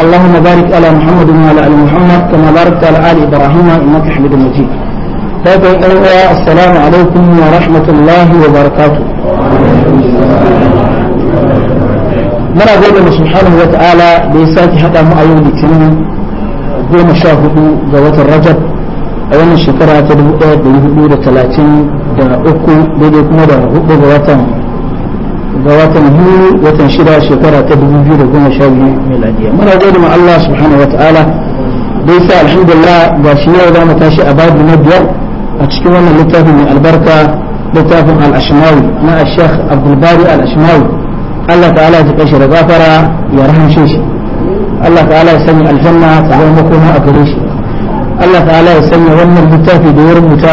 اللهم بارك على محمد وعلى ال محمد كما باركت على ال ابراهيم انك حميد مجيد السلام عليكم ورحمه الله وبركاته muna gode da subhanahu wa ta'ala da ya sake haɗa mu a yau litinin goma sha hudu ga watan rajab a wannan shekara ta dubu da da talatin da uku daidai kuma da hudu ga watan ga watan yuni watan shida shekara ta 2012 miladiya muna gode ma Allah subhanahu wa ta'ala dai sa alhamdulillah ga shi yau zamu tashi a babu na biyar a cikin wannan littafin mai albarka littafin al-ashmawi na al-sheikh Abdul Bari al-ashmawi Allah ta'ala ya kashi da gafara ya rahamshe shi Allah ta'ala ya sanya aljanna ta zama makoma a gare shi Allah ta'ala ya sanya wannan littafi da ya rubuta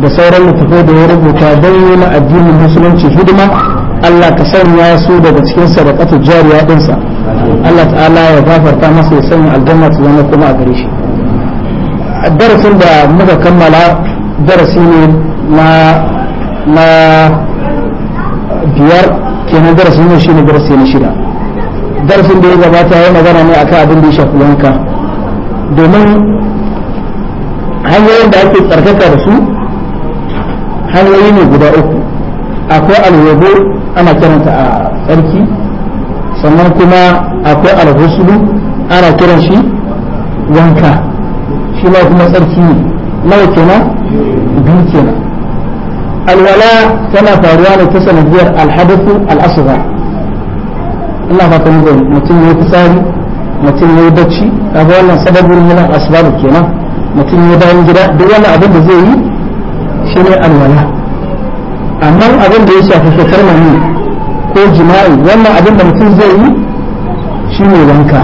da sauran littafai da ya rubuta don yi addinin musulunci hidima Allah ka sanya su daga cikin sadaqatu jariya dinsa Allah ta'ala ya gafarta masa ya sanya aljanna ta zama kuma a gare shi darasin da muka kammala darasi ne na na biyar kenan darasin ne shine darasi na shida darasin da ya gabata ya magana ne akan abin da ya shafi wanka domin hanyoyin da ake tsarkaka da su hanyoyi ne guda uku akwai alwabo ana kiranta a tsarki sannan kuma akwai alhusulu ana kiran shi wanka shi ma kuma tsarki ne nawa kenan biyu kenan alwala tana faruwa ne ta sanadiyar alhadathu al'asuba Allah ba ta nuna mutum ya fitsari mutum ya yi bacci kaga wannan sababin yana asbabu kenan mutum ya bayan gida duk wani abin da zai yi shi ne alwala amma abin da ya shafi fitar mani ko jima'i wannan abin da mutum zai yi shi ne wanka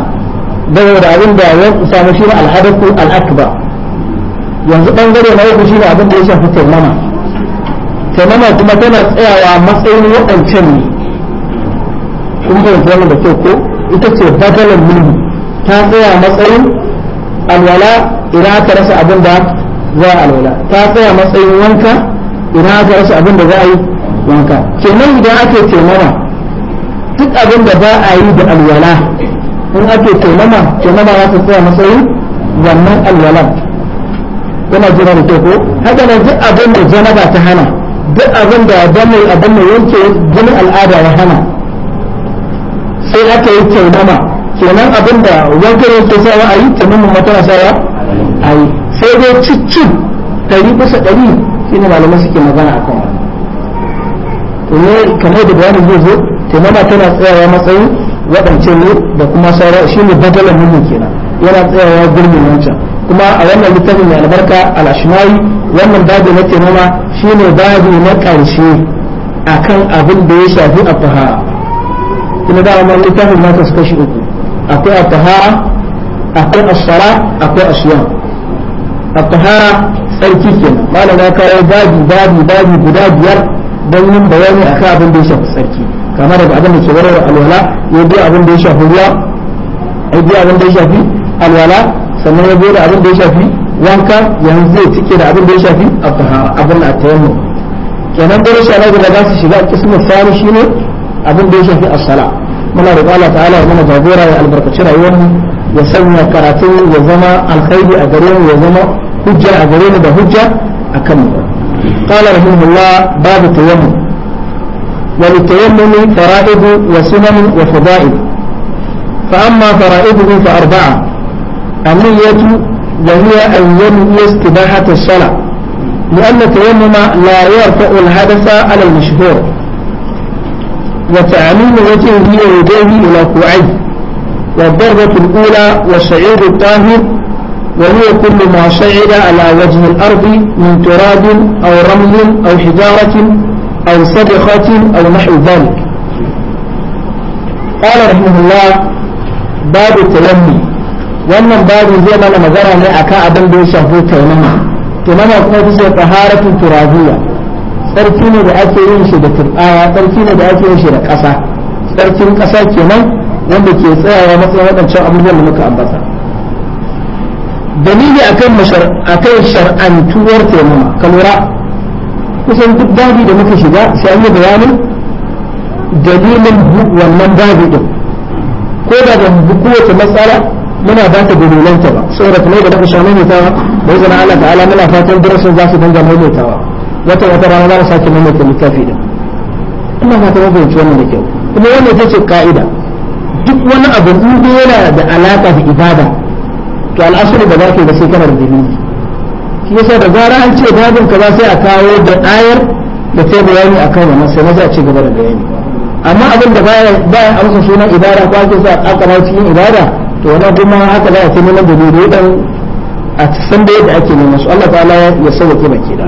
daga da abin da ya samu shi ne alhadaku al'akbar yanzu bangare na uku shi ne abin da ya shafi taimama taimama kuma tana tsayawa matsayin waɗancan ne kun fahimta wannan da kyau ko ita ce badalan mulki ta tsaya matsayin alwala idan aka rasa abin da za a alwala ta tsaya matsayin wanka idan aka rasa abin da za a yi wanka kenan idan ake taimama duk abin da ba a yi da alwala in ake taimama taimama za ta tsaya matsayin wannan alwala yana jira da teku haka nan duk abin da janaba ta hana duk abin da dame abin da yanke jinin al'ada ya hana sai aka yi taimama kenan abin da wanke ke sawa a yi taimama mata na sawa a yi sai dai cicci ɗari bisa ɗari shine malamai suke magana a akan ne kamar da bayanin zai zo taimama tana tsayawa matsayin waɗancan ne da kuma sauran shine badalan mun kenan yana tsayawa gurbin wancan kuma a wannan littafin mai albarka al wannan babu na taimama ne babu na ƙarshe a kan abin da ya shafi a fahara kuma da wannan littafin na ta kashi uku akwai a fahara akwai a shara akwai a shiyan a fahara tsarki kenan malama kawo babu babu babu guda biyar don yin bayani akan abin da ya shafi tsarki kamar daga abin da ke warware alwala ya biya abin da ya shafi ruwa ya biya abin da ya shafi alwala sannan ya biya da abin da ya shafi wanka yanzu ya cike da abin da ya shafi abin da tayammu kenan da rashin alaƙa da za su shiga kismin sani ne abin da ya shafi as-sala muna da Allah ta'ala ya mana jagora ya albarkaci rayuwar mu ya sanya karatun ya zama alkhairi a gare mu ya zama حجة a ده حجة أكمل قال رحمه الله باب التيمم وللتيمم فرائض وسنن وفضائل فأما فرائضه فأربعة النية وهي أن ينوي استباحة الصلاة لأن التيمم لا يرفع الحدث على المشهور وتعليم وجهه ويديه إلى كوعيه والضربة الأولى والشعير الطاهر وهو كل ما شعر على وجه الأرض من تراب أو رمل أو حجارة أو صدخة أو نحو ذلك قال رحمه الله باب التلمي وأن باب زيما لما ذرى لأكا أبن بن شهو تيمما تيمما كنت في طهارة ترابية سرتين بأكي ينشي شدة آية سرتين بأكي شدة بكسا سرتين كسا كيمان وأن بكي سيئة ومسلمة أن شاء الله مكة أبسا dalili akan mashar akan shar'antuwar taimama ka kusan duk babi da muka shiga sai an yi bayanin dalilin wannan babi din ko da ban bi kowace matsala muna ba ta dalilanta ba saboda kuma da muka sha maimaitawa bai izinin Allah ta'ala muna fatan darasin za su dinga maimaitawa wata wata rana za mu sake maimaita littafi din ina fata mabanci wannan da kyau kuma wannan ita ce ka'ida duk wani abu in yana da alaka da ibada to al'asar ba za ka yi ba sai kana da dalili shi yasa da gara an ce babin ka ba sai a kawo da ɗayar da ta bayani a kan wannan sai maza a ci gaba da bayani amma abin da baya baya amsa sunan ibada ko ake sa aka ba cikin ibada to wannan kuma haka za a ta neman dalilai dan a san da yadda ake neman su Allah ta'ala ya sauke baki da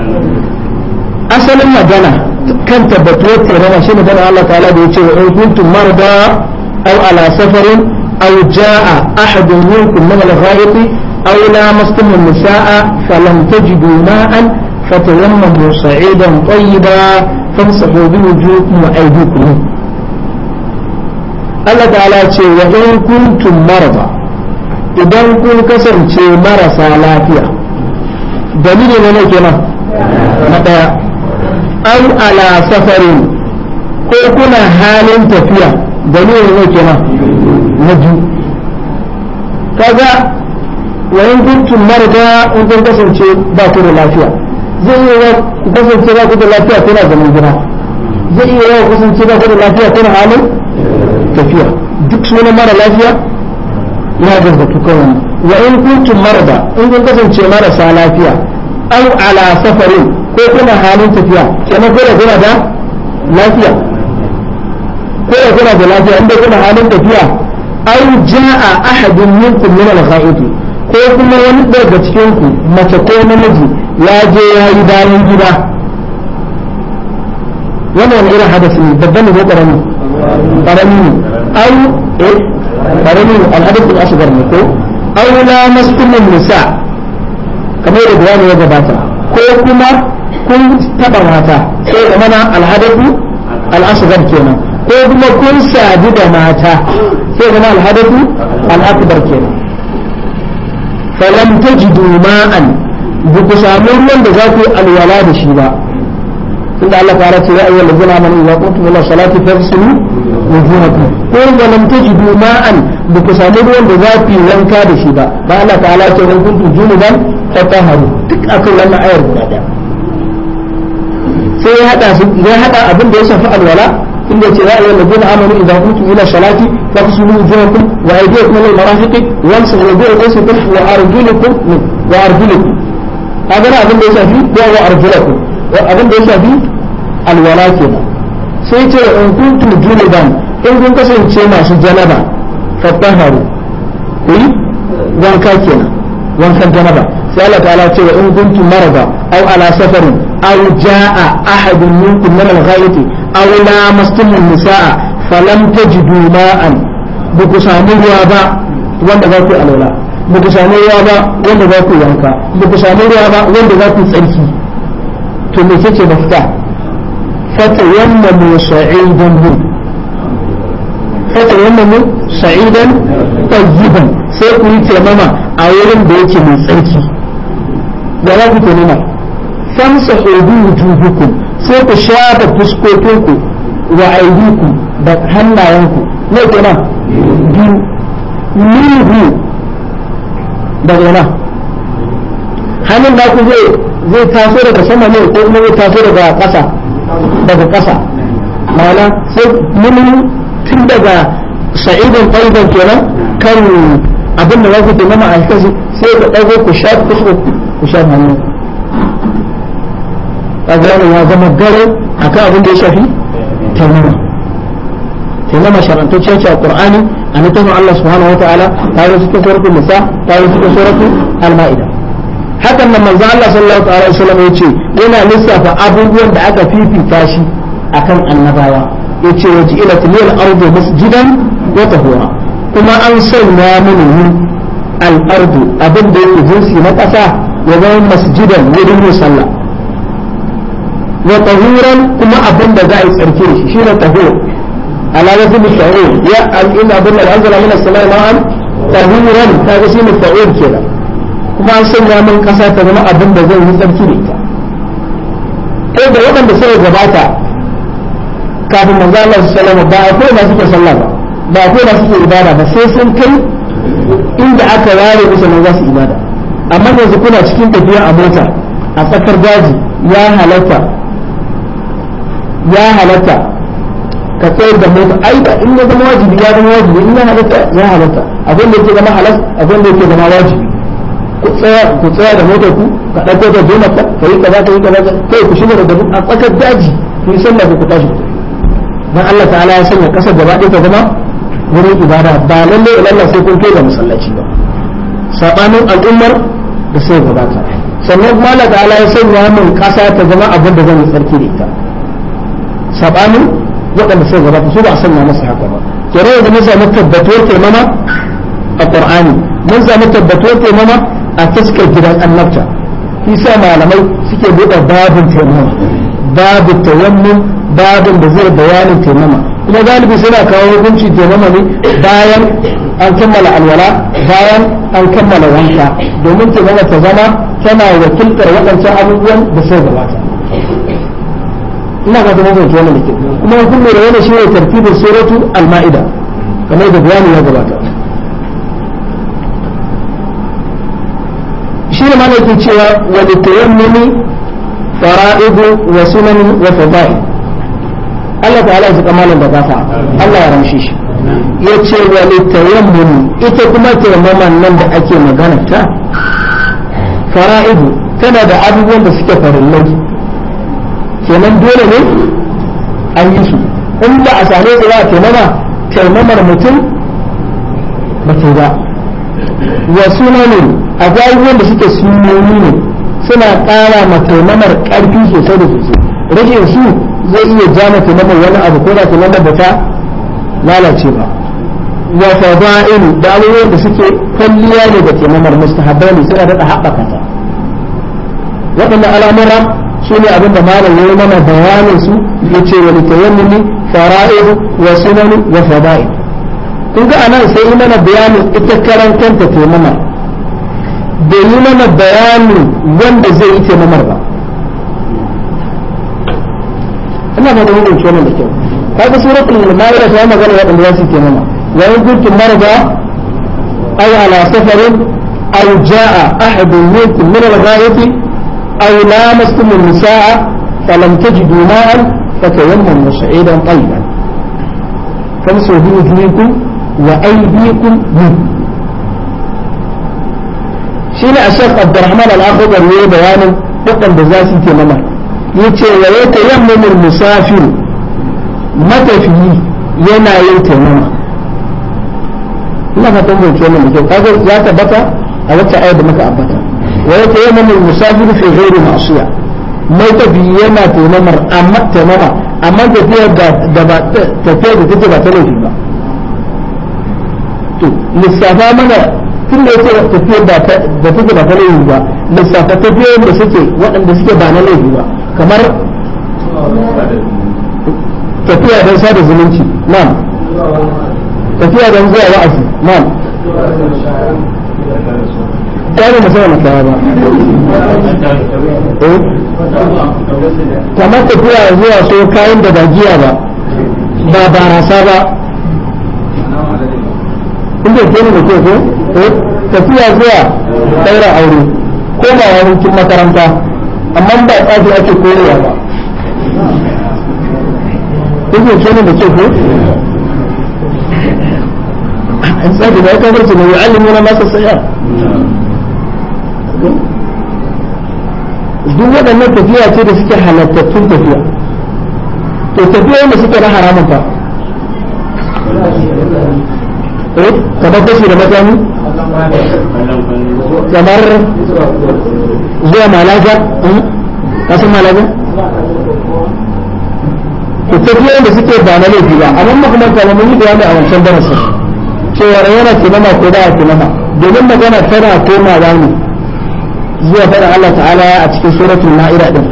asalin magana kan tabbatuwar tarama shi magana Allah ta'ala da ya ce wa in kuntum marda aw ala safarin أو جاء أحد منكم من الغائط أو لامستم النساء فلم تجدوا ماء فتيمموا صعيدا طيبا فامسحوا بوجوهكم وأيديكم Allah ta'ala ce wa in kuntum marada idan kun kasance marasa lafiya dalilin ne nake na na daya an ala safarin ko kuna halin tafiya dalilin ne nake na. na biyu kaga wa in kuntum da in kasance ba ku da lafiya zai iya ku kasance ba ku da lafiya tana zaman gina zai iya yawa kasance ba ku da lafiya tana halin tafiya duk suna mara lafiya ya tukar kawai wa in mara da in kun kasance marasa lafiya an ala safarin ko kuna halin tafiya kenan kuna kuna da lafiya ko kuna da lafiya inda kuna halin tafiya au ja'a ahadun minkum min al-ghaib ko kuma wani daga cikin ku mace ko namiji ya je ya yi bayan gida wannan wani irin hadasi ne ko karami au eh karami ne al-hadath al-asghar ne ko nisa da ya gabata ko kuma kun taɓa mata sai kamar al-hadath al kenan ko kuma kun sadu da mata sai zama alhadatu al'akbar kenan falam tajidu ma'an ba ku samu ruwan da za ku yi alwala da shi ba tunda Allah ta race ya ayyuhal ladzina amanu idza qumtum ila salati faghsilu wujuhakum ko da lam tajidu ma'an ba ku samu ruwan da za ku yi wanka da shi ba ba Allah ta'ala ce in kuntum junuban fatahharu duk akan wannan ayar guda daya sai ya hada su ya hada abin da ya shafi alwala inda ce ya ayyuhal ladina amanu idza qumtum ila salati faghsilu wujuhakum wa aydiyakum ila al ya shafi da ya shafi alwala kenan sai ce in kuntum junuban in kun kasance masu janaba janaba أو على سفر أو جاء أحد منكم من الغائط أو لامستم النساء فلم تجدوا ماء بكسامي وابا wanda za ku alwala ba ku samu ruwa ba wanda za yanka ba ku ba wanda za tsarki to me kake mafita fata yamma mu sai a wurin da yake tsarki famsahu bi wujuhikum sai ku shafa fuskokinku wa aidiku da hannayenku ne kenan biyu minhu daga nan hannun naku zai zai taso daga sama ne ko kuma zai taso daga ƙasa daga ƙasa ma'ana sai minhu tun daga sa'idin ɗaiban kenan kan abin da za ku tunama a sai ku ɗago ku shafa fuskokinku ku shafa hannunku kaga ya zama garo akan abin da ya shafi taimama taimama sharantacciya ce a qur'ani a nufin Allah subhanahu wa ta'ala ta yi cikin suratul nisa ta yi cikin suratul al-ma'ida hakan nan manzo Allah sallallahu alaihi wasallam ya ce yana lissafa abubuwan da aka fifita shi akan annabawa yace waji ila tilil ardu masjidan wa tahura kuma an sanya mini al-ardu abin da yake jinsi na kasa ya zama masjidan wurin musalla wa tahuran kuma abin da za a yi da shi shine tahur ala wazin sha'ur ya al'in abin da anzala min as-sama'i ma'an tahuran kaga shine ta'ur kenan kuma an sanya min kasa ta abin da zai yi tsarki da ita kai da waɗanda suka gabata kafin manzo Allah sallallahu ba akwai na suke sallah ba ba akwai na suke ibada ba sai sun kai inda aka ware musu nan za su ibada amma yanzu kuna cikin tafiya a mota a tsakar daji ya halatta ya halatta ka sayar da mota ai ba in ya zama wajibi ya zama wajibi in ya halatta ya halatta abin da yake zama halas abin da yake zama wajibi ku tsaya ku tsaya da motar ku ka dauko ta dole ka kai kaza kai kaza kai ku shiga da a tsakar daji ku yi sallah ku tashi dan Allah ta'ala ya sanya kasar gaba ɗaya ta zama wurin ibada ba lalle ilalla sai kun kai ga masallaci ba sabanin al'ummar da sai ta sannan kuma Allah ta'ala ya sanya min kasa ta zama abin da zan yi tsarki da ita sabanin waɗanda suka gabata su ba a sanya masa haka ba kenan da mun samu tabbatuwar taimama a qur'ani mun samu tabbatuwar taimama a taskar gidan annabta isa malamai suke buɗe babin taimama babu tayammum babin da zai bayanin taimama kuma galibi suna kawo hukunci taimama ne bayan an kammala alwala bayan an kammala wanka domin taimama ta zama tana wakiltar waɗancan abubuwan da suka gabata ina ga zama zance wannan dake kuma kun lura wannan shine tartibin suratu al-ma'ida kamar da bayani ya gabata shine ma yake cewa wa litayammumi fara'idu wa sunan wa fadail Allah ta'ala ya kamalan da gafa Allah ya ramshe shi ya yace wa litayammumi ita kuma tayammaman nan da ake magana ta fara'idu tana da abubuwan da suke farillai kenan dole ne an yi su in ba a same su ba taimama taimamar mutum ba ta ba wa ne a abubuwan da suke sunoni ne suna ƙara ma taimamar ƙarfi sosai da sosai rage su zai iya ja jama taimamar wani abu ko da taimamar ba ta lalace ba wa ilu da abubuwan da suke kwalliya ne ga taimamar mustahabbai ne suna daɗa haɓaka ta waɗanda al'amura سوني أبن دمال اليوم أنا بيان سو يتشي فرائض وسنن وفضائل كنت أنا سيما أنا بيان اتكرن كنت تيمم بيان أنا بيان وان بزي اتيمم مربا أنا ما دمين انتوانا لكي هذا سورة المائرة شوانا غير وقت الواسي تيمم وإن كنت مربا أي على سفر أو جاء أحد منكم من الغاية أو لامستم النساء فلم تجدوا ماء فتيمموا صعيدا طيبا فامسوا بوجوهكم وأيديكم منه شيل الشيخ عبد الرحمن الأخضر يقول بيان دقن بزاسي تماما يتي ويتيمم المسافر متى فيه ينا يتيمم ina fatan zai ce wannan da kyau kaga ya tabbata a wacce ayar da muka ambata wa ya tayammam al-musafir fi ghairi ma'siya mai tafiya yana tayammar amma tayammar amma tafiya da ba tafiya da take ba ta laifi ba to lissafa mana tun da yake tafiya da take ba ta laifi ba lissafa tafiyoyin da suke waɗanda suke ba na laifi ba kamar tafiya don sada zumunci na'am tafiya don zuwa wa'azi na'am kwanu ba sai makawa ba eh? kamar tafiya zuwa so kayan da ba giya ba ba barasa ba inda ke ne ke ko eh, tafiya zuwa daura aure ko ba yawancin makaranta amma ba tsafi ake korewa ba inda ke ne da ke ko an tsafi da ya kafar su ne ya alimuna masa tsaya duk waɗannan tafiya ce da suke halattattun tafiya to tafiya yadda suke na haramun ba eh kamar kashi da matani kamar zuwa malaja kasan malaga hmm? ko tafiya wanda suke ba na laifi ba amma makamanta ba mun yi bayani a wancan darasin cewa yana tunama ko ba a domin magana tana komawa ne zuwa faɗin Allah ta'ala a cikin suratul ma'ida din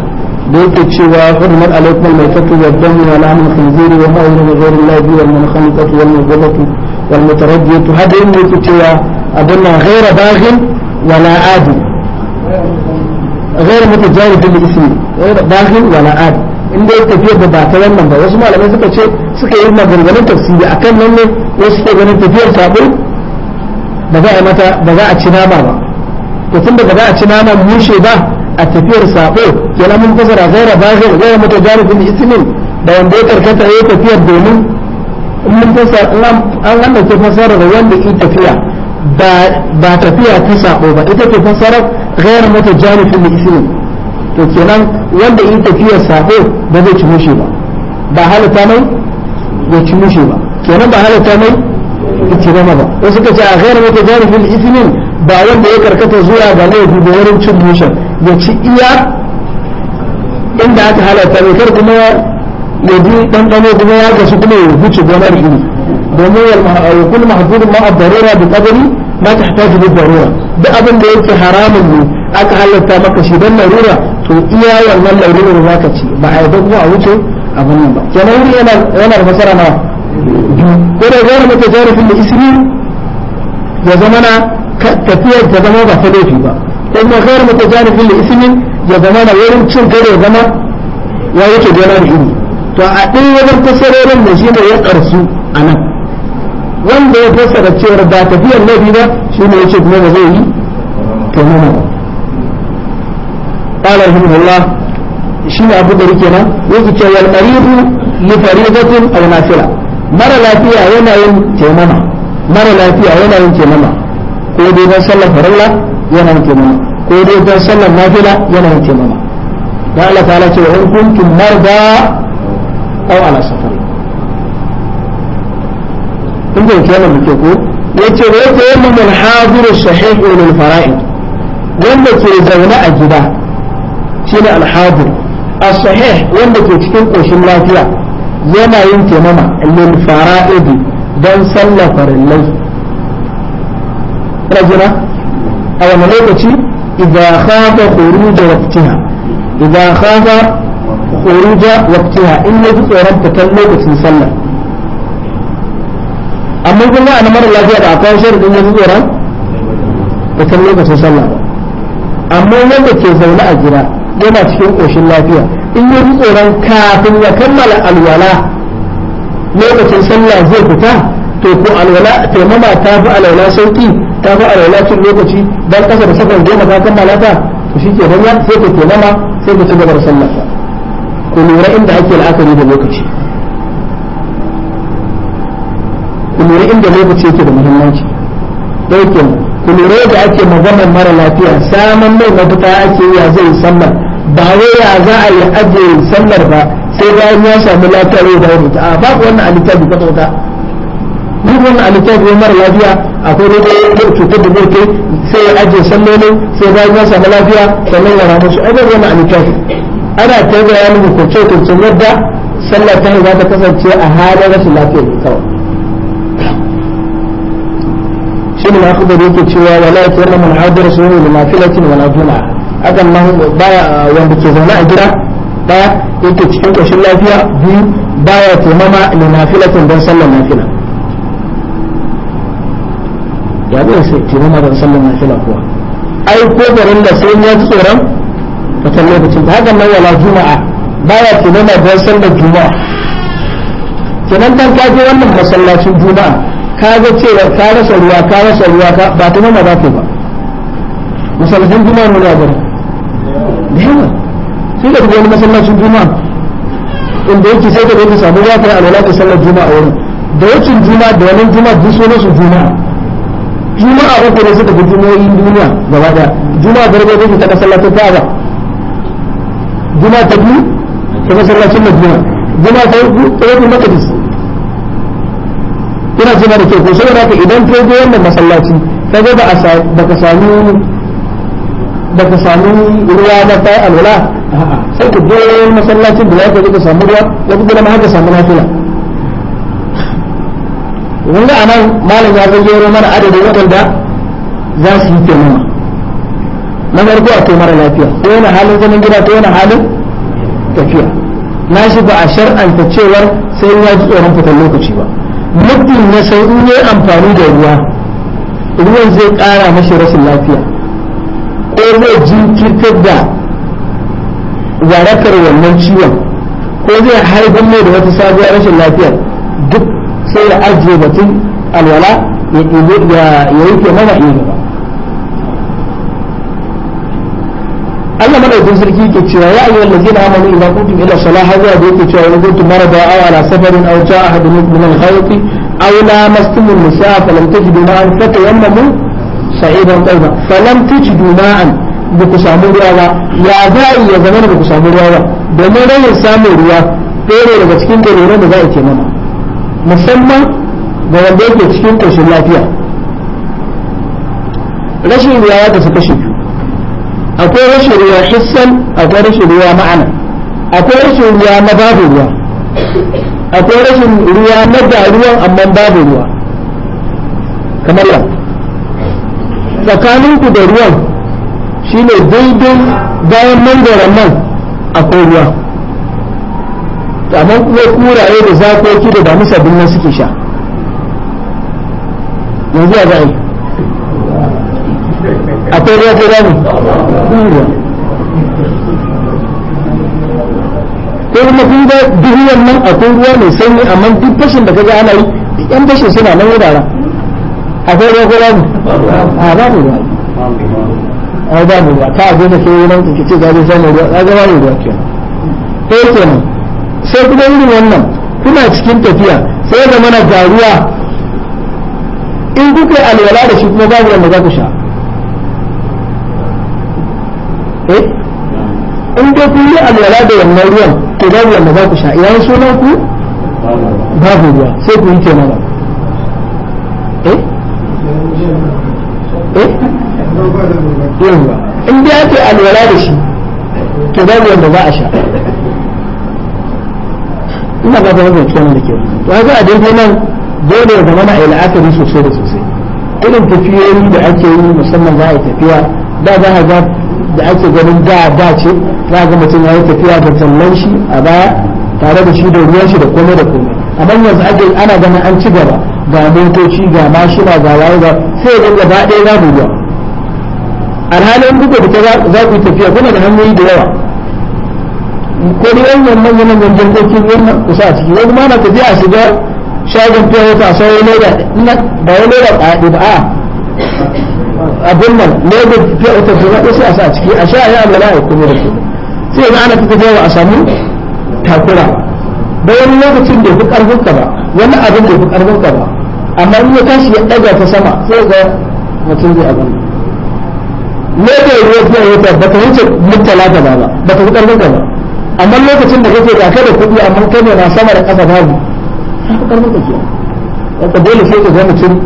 da yake cewa hurmat alaikum al-maytatu wa damu wa lahmul khinziri wa ma yuridu ghayru allahi wal munkhalitatu wal mudghatu wal mutaraddiyatu hada yin yake cewa abin nan ghayra baghin wa la adi ghayra mutajarif bil ismi ghayra baghin wa la adi inda ya tafiyar da ba ta wannan ba wasu malamai suka ce suka yi maganganun tafsiri akan nan ne wasu suke ganin tafiyar sabo ba za a mata ba za a ci nama ba to tun daga ba a ci naman mushe ba a tafiyar sako kenan mun fasara gaira bazir gaira mutajarifin ismin da wanda ya karkata ya tafiyar domin mun fasara an an dauke fasara da wanda ya tafiya ba tafiya ta sako ba ita ce fasara gaira mutajarifin ismin to kenan wanda ya tafiya sako ba zai ci mushe ba ba halitta mai ya ci mushe ba kenan ba halitta mai ya ci ba wasu ka ce a gaira mutajarifin ismin ba wanda ya karkata zuwa ga laifi da wurin cin mushen ya ci iya inda aka halatta mai kar kuma ya ji ɗanɗano kuma ya gasu kuma ya wuce gonar gini domin ya kullu mahzurun ma ad-darura bi qadri ma tahtaju bi darura da abin da yake haramun ne aka halatta maka shi dan larura to iya wannan larurar zaka ci ba a yadda kuma a wuce abin nan ba kenan yana yana da masara nawa ko da gona mutum jarifin da isri ya zama na تفير جدما بفلو فيبا لأنه غير متجانب لإسم جدما ويرم تشو جد وغما ويكي جلال إني فأعطي وضم تسرير النجيم يقرسو أنا وانده يفسر تشير دا تفير النبي دا شو ما يشد مما زيه كمما قال رحمه الله شنو أبو دريكنا وزكي المريض لفريضة أو نافلة مرة لا فيها وانا ين كمما مرة لا فيها وانا ين كمما ko dai don sallar farilla yana yin taimama ko dai don sallar nafila yana yin taimama dan Allah ta'ala ce wa in kuntum marda aw ala safar in ga kana muke ko yace wa tayammum al-hadir sahih lil fara'id wanda ke zaune a gida shine al-hadir as-sahih wanda ke cikin koshin lafiya yana yin taimama lil fara'id dan sallar farillai rajula a wani lokaci idan khafa khuruja waqtiha idan khafa khuruja waqtiha in ya ji tsoron fitar lokacin sallah amma kuma a mara lafiya da akwai sharadin ya ji tsoron fitar lokacin sallah amma wanda ke zaune a jira yana cikin koshin lafiya in ya ji tsoron kafin ya kammala alwala lokacin sallah zai fita to ko alwala taimama ta fi alwala sauki ta fi a cin lokaci don kasa da sakan goma ka kan malata to shi ke ya sai ka nama sai ka ci gaba da sallar ka ku lura inda ake la'akari da lokaci ku lura inda lokaci yake da muhimmanci ɗaukin ku lura da ake magana mara lafiya saman mai mafita ake ya zai sallar ba wai ya za a yi ajiye sallar ba sai bayan ya samu lafiya ya dawo da a babu wannan a littafi kwata-kwata duk wannan alittafi ya mara lafiya akwai lokacin cutar da zai kai sai ya ajiye sallolin sai ya bayan ya samu lafiya sannan ya ramu su abin wannan alittafi ana ta bayani hukunce-hukuncen yadda sallar ta za ta kasance a halin rashin lafiya kawai shi ne ma kubar yake cewa wala ya tsirna mun hadar su ne lima filatin wala juna hakan ma baya wanda ke zaune a gida ɗaya yake cikin ƙoshin lafiya biyu baya taimama lima filatin don sallar nafila ba zai sai sallan na fila kuwa ai ko garin da sai ya ji tsoron fitar lokacin ta hakan nan wala juma'a baya ke noma ban sallan juma'a kenan dan ka je wannan masallacin juma'a ka ga cewa ka rasa ruwa ka rasa ruwa ka ba ta noma ba ke ba masallacin juma'a ne ya gari da yawa sai da wani masallacin juma'a inda yake sai ka zai ka samu ruwa ka alwala ta sallar juma'a wani da wacin juma'a da wani juma'a duk sunan su juma'a juma'a uku ne suka fi jumoyin duniya gaba da juma'a farko ne ta masallacin kaaba juma'a ta biyu ta masallacin da juma'a ta uku ta yi makadis ina jima da kyau ko sai da idan ka je wannan masallaci ga ba a baka samu ka samu ruwa da ta alwala sai ka je masallacin da zaka je ka samu ruwa zaka je ma haka samu lafiya mun ga anan malam ya gero mana adadin waɗanda za su yi taimama na farko akwai mara lafiya ko yana halin zaman gida ko yana halin tafiya na shi ba a shar'anta cewar sai ya ji tsoron fitar lokaci ba muddin na sai in yi amfani da ruwa ruwan zai ƙara mashi rashin lafiya ko zai jinkirtar da warakar wannan ciwon ko zai haifar mai da wata sabuwar rashin lafiyar sai ya ajiye batun alwala ya yanke mana iya gaba Allah madaukin sarki ke cewa ya ayyuhal ladzina amanu idza qumtum ila salati hawa da yake cewa in kuntum marada aw ala safarin aw jaa ahadun min al-ghayt aw lamastum an-nisaa falam tajidu ma'an fatayammamu sa'idan tayyiba falam tajidu ma'an ba ku samu ruwa ba ya za a iya zama da ku samu ruwa ba domin rayin samun ruwa ɗaya daga cikin dalilan da za a ke mana musamman ga wanda yake cikin koshin lafiya rashin ruwa ya kasu kashe biyu akwai rashin ruwa hissan akwai rashin ruwa ma'ana akwai rashin ruwa na babu ruwa akwai rashin ruwa na da ruwan amma babu ruwa kamar yau tsakaninku da ruwan shine daidai bayan mangoron nan akwai ruwa amma kuma kuraye da zakoki da ba musa binnan suke sha yanzu ya a akwai ruwa ko ne ko kuma kun ga duk wannan akwai ruwa mai sanyi amma duk fashin da kaga ana yi yan fashin suna nan wuraren akwai ruwa ko zamu a ba mu ruwa a ba mu ruwa ta abin da ke wurin kike ce zaje samu ruwa zaje ba mu ruwa kenan ko nan. sai kuma irin wannan kuna cikin tafiya sai da mana ga in kuka yi alwala da shi kuma babu wanda za ku sha eh in dai kun yi alwala da wannan ruwan to babu wanda za ku sha idan sunan ku babu ruwa sai ku yi taimaka eh eh in dai yi alwala da shi to babu wanda za a sha ina ba ta mafi kyanar da kyau to haka a daidai nan dole ya zama na a la'akari sosai da sosai irin tafiyoyi da ake yi musamman za a yi tafiya da za a ga da ake ganin da da ce za a ga mutum ya yi tafiya da tallan shi a baya tare da shi da ruwan shi da komai da komai amma yanzu ake ana ganin an ci gaba ga motoci ga mashina ga waye ga sai ga gaba ɗaya babu ruwa alhalin duka da za ku yi tafiya kuna da hanyoyi da yawa ko dai wannan manyan manyan jirgin wannan kusa a ciki wani mana na tafiya a shiga shagon fiye wata a sauran leda ba wani leda ɗaya ba a abin nan leda fiye wata juna ɗaya sai a sa a ciki a sha a yi amala a kuma da kuma sai yana ana fita yawa a samu takura Ba wani lokacin da fi ƙarfin ka ba wani abin da fi ƙarfin ka ba amma in ya tashi ya ɗaga ta sama sai ga mutum zai abin leda ya wata fiye wata ba ta wuce mutala ba ba ta fi ƙarfin ka ba amma lokacin da kake da kada kuɗi amma kai ne na sama da ƙasa babu haka karfin kake wanda dole sai ka ga mutum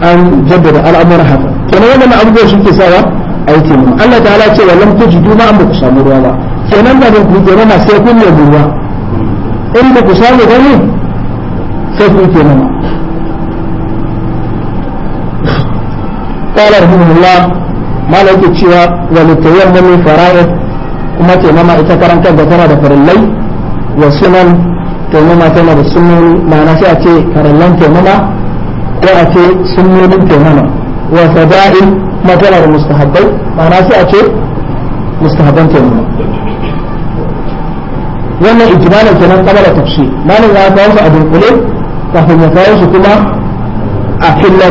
an jaddada al'amuran haka kenan wannan abubuwa shi ke sawa aiki yake mu Allah ta'ala ce wa lam tajidu ma an ku samu ruwa ba kenan da ku kenan na sai kun nemi ruwa in ba ku samu gani sai kun kenan قال رحمه الله ما لك cewa ولتيمم فرائض kuma taimama ita karantar da tana da farillai wa sunan taimama tana da sunnoni ma'ana sai a ce farallan taimama ko a ce sunnonin taimama wa sada'in kuma tana da mustahabbai ma'ana sai a ce mustahabban taimama wannan ijmalan kenan kamar tafsir malam ya kawo su a dunkule kafin ya kawo su kuma a filla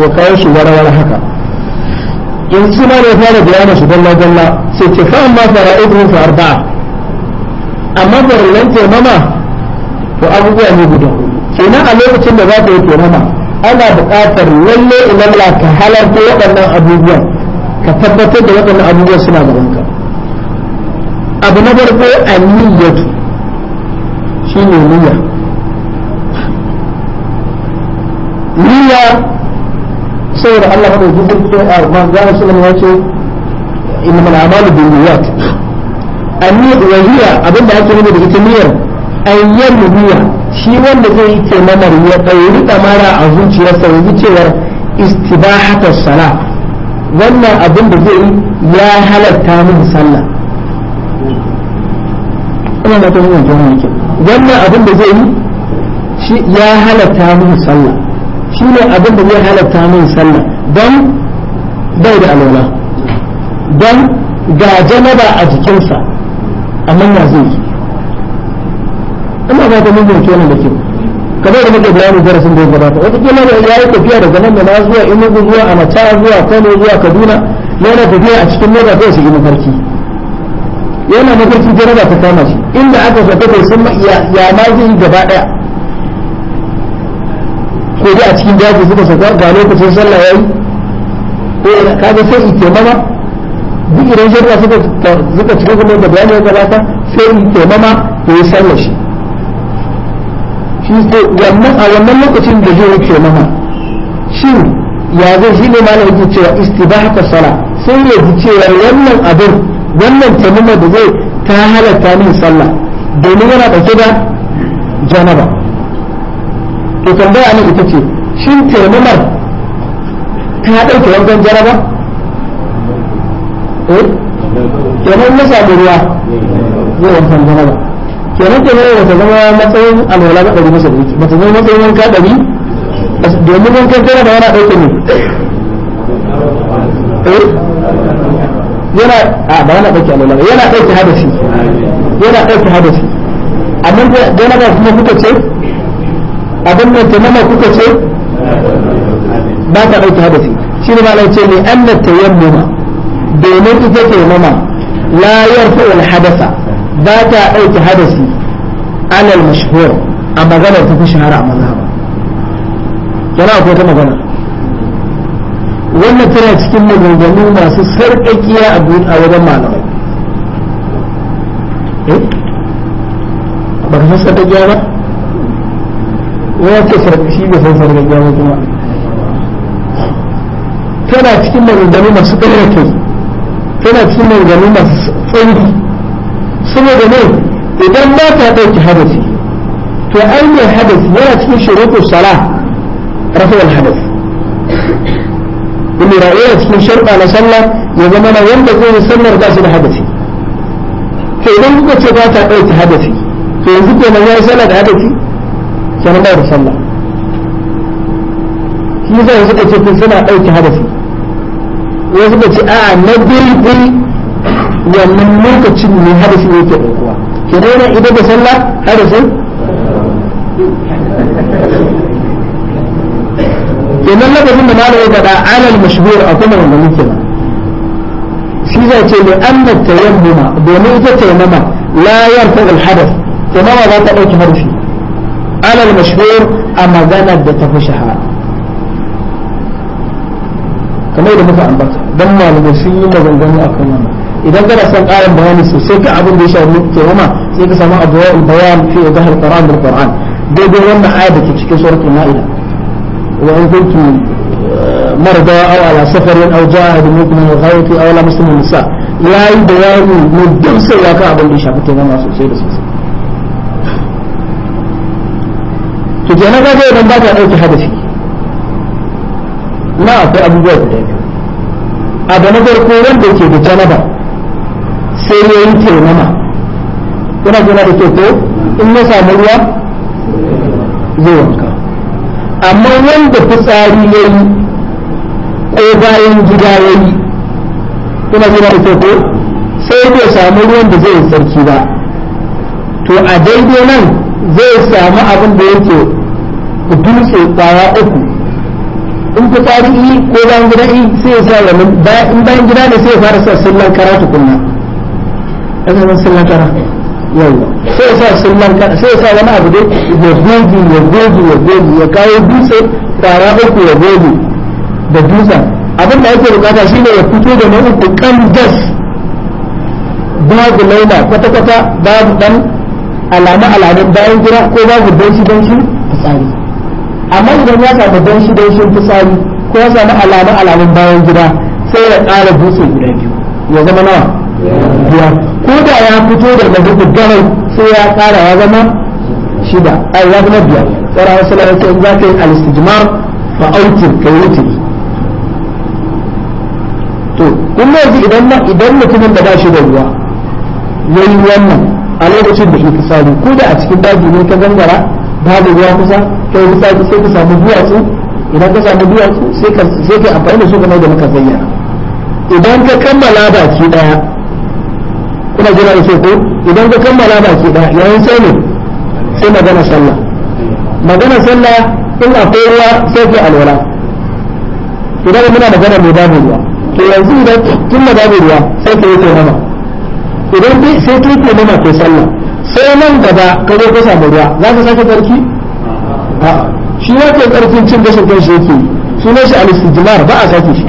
ya kawo su wara wara haka in ma ne fara bayanin su dalla dalla sai ce fa amma fara'idu fa arba'a amma ce mama, to abubuwa ne guda kenan a lokacin da za ka yi mama ana buƙatar lalle ilalla ka halarta waɗannan abubuwan ka tabbatar da waɗannan abubuwan suna A abu na farko shi shine niyya niyya saboda Allah ba da jikin a inna amalu bin niyyat wa hiya abinda ake nufi da ita niyyar ayyan niyya shi wanda zai yi taimamar ya a zuciyarsa yanzu cewar istibahata sala wannan abin da zai ya halatta min sallah ina ta hanyar wannan abin da zai yi ya halatta min sallah shi ne abin da zai halatta min sallah don bai da alwala don ga janaba a jikinsa amma ya zai yi ina ba ta mugun kenan da kyau kamar da muke bayani darasin da ya gabata wata kila ya yi tafiya daga nan da na zuwa inugu zuwa amata zuwa kano zuwa kaduna yana tafiya a cikin mota kai shi mafarki yana mafarki jaraba ta kama shi inda aka fata kai sun ya ma zai gaba daya ko dai a cikin daji suka sauka ga lokacin sallah yayi ka ga sai ke mama duk idan shirka suka suka cika kuma da bayani ga lata sai ke mama ya sallah shi shi sai wannan a wannan lokacin da zai ke mama shin ya zai shi ne malam yake cewa istibahata sala sai ya ji cewa wannan abin wannan tamima da zai ta halatta min sallah domin yana dauke da janaba to tambaya ne ita ce shin taimamar ta ɗauke wankan jaraba eh kenan na samu ruwa zai wankan jaraba kenan taimamar ba ta zama matsayin alwala ba ɗari masa ɗari ba ta zama matsayin wanka ɗari domin wankan jaraba yana ɗauke ne eh? yana a ba yana ɗauke alwala yana ɗauke hadasi yana ɗauke hadasi amma jaraba kuma kuka ce abin nan ta kuka ce ba ta ɗauki hadasi shi ne malai ce ne an na tayammuma domin ita tayammuma la yarfa'ul hadasa ba ta ɗauki hadasi alal mashhur a maganar ta fi shahara a mazhaba yana ko ta magana wannan tana cikin maganganu masu sarƙaƙiya a wajen malamai eh? ba ka san sarƙaƙiya ba wani kasar shi da san sarga jawo kuma tana cikin maganganu masu ƙarfi kai tana cikin maganganu masu tsauri saboda ne idan ba ta ɗauki hadasi to an yi hadasi yana cikin shuruɗu sala rafuwar hadasi kuma ra'ayar cikin sharɗa na sallah ya zama na wanda zai yi sallar ba su da hadasi to idan kuka ce ba ta ɗauki hadasi to yanzu kenan ya yi sallah da hadasi kenan ba da sallah shi yasa suka ce kun suna ɗauke hadasi wasu suka ce a na daidai wannan lokacin ne hadasin yake ɗaukuwa kenan yana idan da sallah hadasin kenan lokacin da malamin faɗa alal mashhur a kuma wanda muke ba shi zai ce mai an tayammuma domin ita tayammuma la yarfa al hadath tayammuma za ta ɗauki hadasi أنا المشهور أما ذنب بتفشها كما إذا مفع عن بطر دمى لنسي ما بلغني أكرمه إذا كان أسلم قائم بياني سيكي عبد ليش أو نقطة وما سيكي سماء البيان في ظهر القرآن بالقرآن دي دي وما عادك تشكي سورة النائلة وإن كنت آه، مرضى أو على سفر أو جاهد مؤمن من الغيث أو لا مسلم النساء لا يبياني من دمسي يا كعب ليش أبتنا ما سيكي بس بس to kenan ka ga idan ba ta dauki hadisi na akwai abubuwa da biyu abu na farko wanda ke da janaba sai ya yi taimama kuna gina da ke to in na samu ruwa zai wanka amma wanda fitsari ya yi ko bayan gida ya yi kuna gina da ke to sai bai samu ruwan da zai sarki ba to a daidai nan zai samu abin da yake ku dutse kwaya uku in ku tsari yi ko bayan gida yi sai ya sa lamun in bayan gida ne sai ya fara sa sallan kara tukunna an zama sallan kara yawa sai ya sa sallan kara sai ya sa wani abu dai ya gogi ya gogi ya gogi ya kawo dutse kwara uku ya gogi da dutsen abin da ake bukata shine ya fito da na uku kan gas babu launa kwata-kwata babu dan alamu alamun bayan gida ko babu danshi danshi fitsari amma idan ya samu don shi fitsari ko ya samu alamu alamun bayan gida sai ya ƙara dutse guda biyu ya zama nawa biyar ko da ya fito da duk garai sai ya ƙara ya zama shida ai ya zama biyar tsara wasu lalata in za ka yi alistijmar fa'autin ka yi wuturi to kuma yanzu idan mutumin da ba shi da ruwa ya yi wannan a lokacin da ke fitsari ko da a cikin daji ne ka gangara babu ruwa kusa kai fitsari sai ka samu duwatsu idan ka samu duwatsu sai ka sai ka amfani da su kamar da muka zayyana idan ka kammala baki daya kuna jira da ko idan ka kammala baki daya yayin sai ne sai magana sallah magana sallah in akwai ruwa sai ka alwala idan muna magana mai babu ruwa to yanzu idan tun da babu ruwa sai ka yi taimama idan sai ka yi taimama kai sallah sai nan gaba ka zo ka samu ruwa za ka sake tsarki shi ne ke tsarkin cin gashin kan shi yake shi ne shi alistijmar ba a sake shi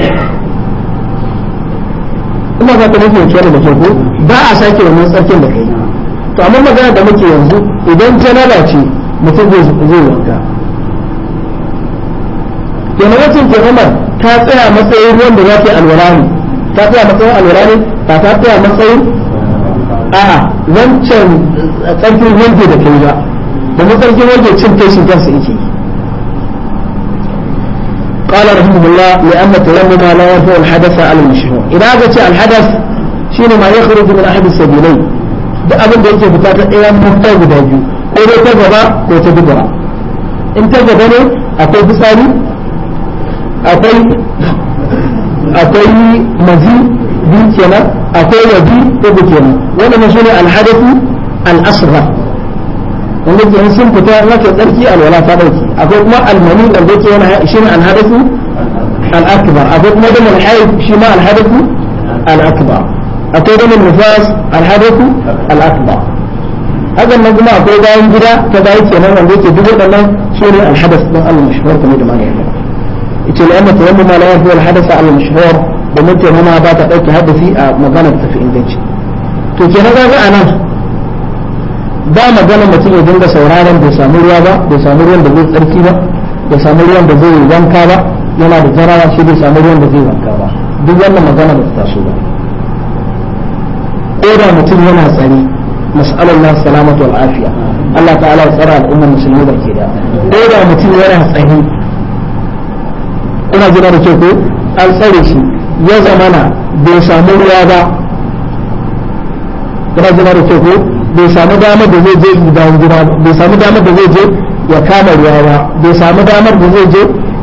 ina za ka mafi yanki da kyau ba a sake wannan tsarkin da kai to amma magana da muke yanzu idan janaba ce mutum zai wanka kenan wacin umar ta tsaya matsayin ruwan da za ke alwara ne ta tsaya matsayin alwara ne ta tsaya matsayin قال رحمه الله لأن تلمم لا يرفع الحدث على المشروع إذا جاء الحدث شين ما يخرج من أحد السبيلين ده أبن ده إيام مفتاج ده جو أو ده تجبا إن تجبا له أكوي بسالي أكوي أكوي مزي بيتنا أقوى بي أبتنا وأنا مشوني الحدث الأصغر ومجد ينسل كتاب لك تركي الولا تركي أقول ما أن أبتنا ينها شنو الحدث الأكبر أقول ما دم الحيث شما الحدث الأكبر أقول من النفاس الحدث الأكبر هذا المجمع أقول دائم جدا كذا يتنا ونجد يدور لنا شنو الحدث ما المشهور كما يعلم إذا لأن تيمم لا يهدو الحدث على المشهور da domin mana ba ta ɗauke hadasi a magana ta tafi inganci to kenan kaga a nan ba magana mutum ya dinga sauraron bai samu ruwa ba bai samu ruwan da zai tsarki ba bai samu ruwan da zai wanka ba yana da jarawa shi bai samu ruwan da zai wanka ba duk wannan magana ba ta taso ba ko da mutum yana tsari na salamatu al'afiya Allah ta'ala ya tsara al'ummar musulmi da ke da ko da mutum yana tsari kuna jira da ke ko an tsare shi ya zamana bai samu ruwa ba kuma jina da ke ko bai samu damar da zai je idan gida bai samu damar da zai je ya kama ruwa ba bai samu damar da zai je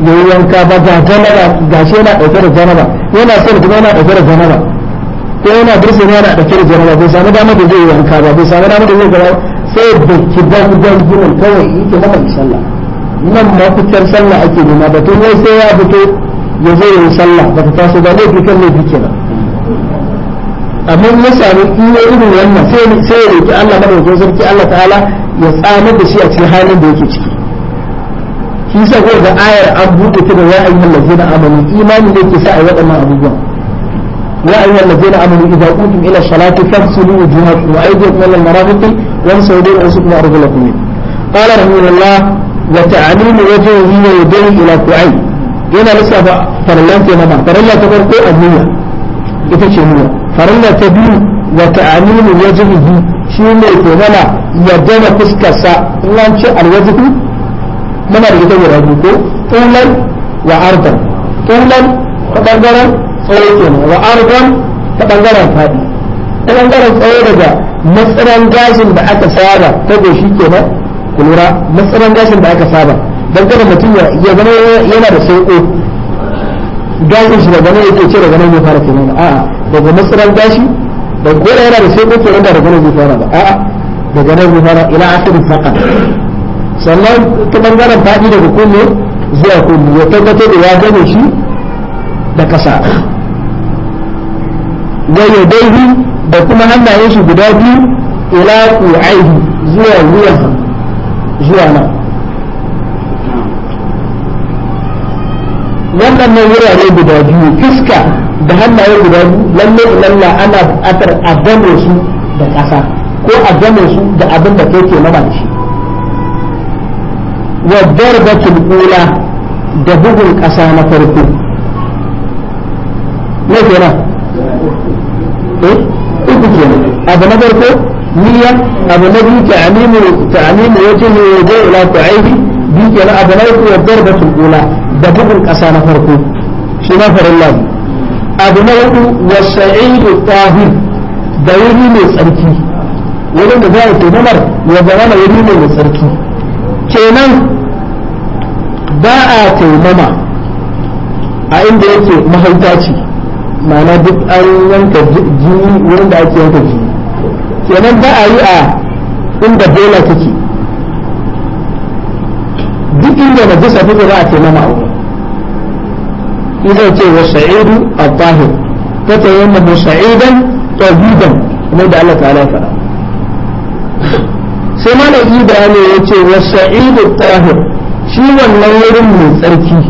ya yi wanka ba ga janaba ga shi yana ɗauke da janaba yana son kuma yana ɗauke da janaba ko yana birsi yana ɗauke da janaba bai samu damar da zai yi wanka ba bai samu damar da zai gaba sai da kidan gidan ginin kawai yake maka sallah nan mafitar sallah ake nema batun wai sai ya fito ya zo yin sallah ba ta taso ba zai fi kan laifi kenan amma ya sami iya irin wannan sai sai ya roki Allah madaukakin sarki Allah ta'ala ya tsamar da shi a cikin halin da yake ciki shi yasa ko da ayar an buɗe ta da ya ayyuhal ladzina amanu imani ne ke sa a waɗannan abubuwan ya ayyuhal ladzina amanu idza qutum ila salati faghsilu wujuhakum wa aydiyakum ila al-marafiq wamsahu bi ru'usikum wa arjulakum qala rahimahullah wa ta'limu wajhihi wa yadayhi ila ku'ay yana lissafa farallan taimama faralla ta farko niyya ita ce niyya faralla ta biyu wa ta'aminu wajibihi shi ne taimama ya dana fuskarsa in an ce alwajibi muna da ita guda biyu ko tulan wa ardan tulan ta bangaren tsawo kenan wa ardan ta bangaren faɗi ta bangaren tsawo daga matsaran gashin da aka saba ta goshi ke ku lura matsaran gashin da aka saba don kada mutum ya zama yana da sauko gashin shi daga nan yake ce daga nan zai fara kenan a daga masarar gashi da koda yana da sauko kenan da daga nan zai fara ba a daga nan zai fara ila asirin faka sannan ta bangaren faɗi daga kunne zuwa kunne ya tabbatar da ya gane shi da kasa wa yadaihi da kuma hannayen shi guda biyu ila ku ku'aihi zuwa wuyan zuwa nan waɗannan wurare guda biyu fiska da hannaye guda biyu lalle lalla ana buƙatar a gano su da ƙasa ko a gano su da abin da kai ke nama da shi wa darbatul ula da bugun ƙasa na farko me kenan eh uku kenan abu na farko niyya abu na biyu ta'mimu ta'mimu wajhi wa ila ta'ibi bi kenan abu na uku wa darbatul ula da bugun ƙasa na farko shi na farin lamu abu na hudu wasa ilu tahir da wuri mai tsarki wurin da za a tuhumar ya zama na wuri mai tsarki kenan ba a taimama a inda yake mahauta ce ma'ana duk an yanka jini wurin da ake yanka jini kenan ba a yi a inda bola take duk inda na jisa fito za a taimama a wurin idan ce wa sa'idu al-tahir ta tayyamma mu sa'idan da Allah ta'ala fara sai ma da ida ne yace wa sa'idu al-tahir shi wannan wurin mai tsarki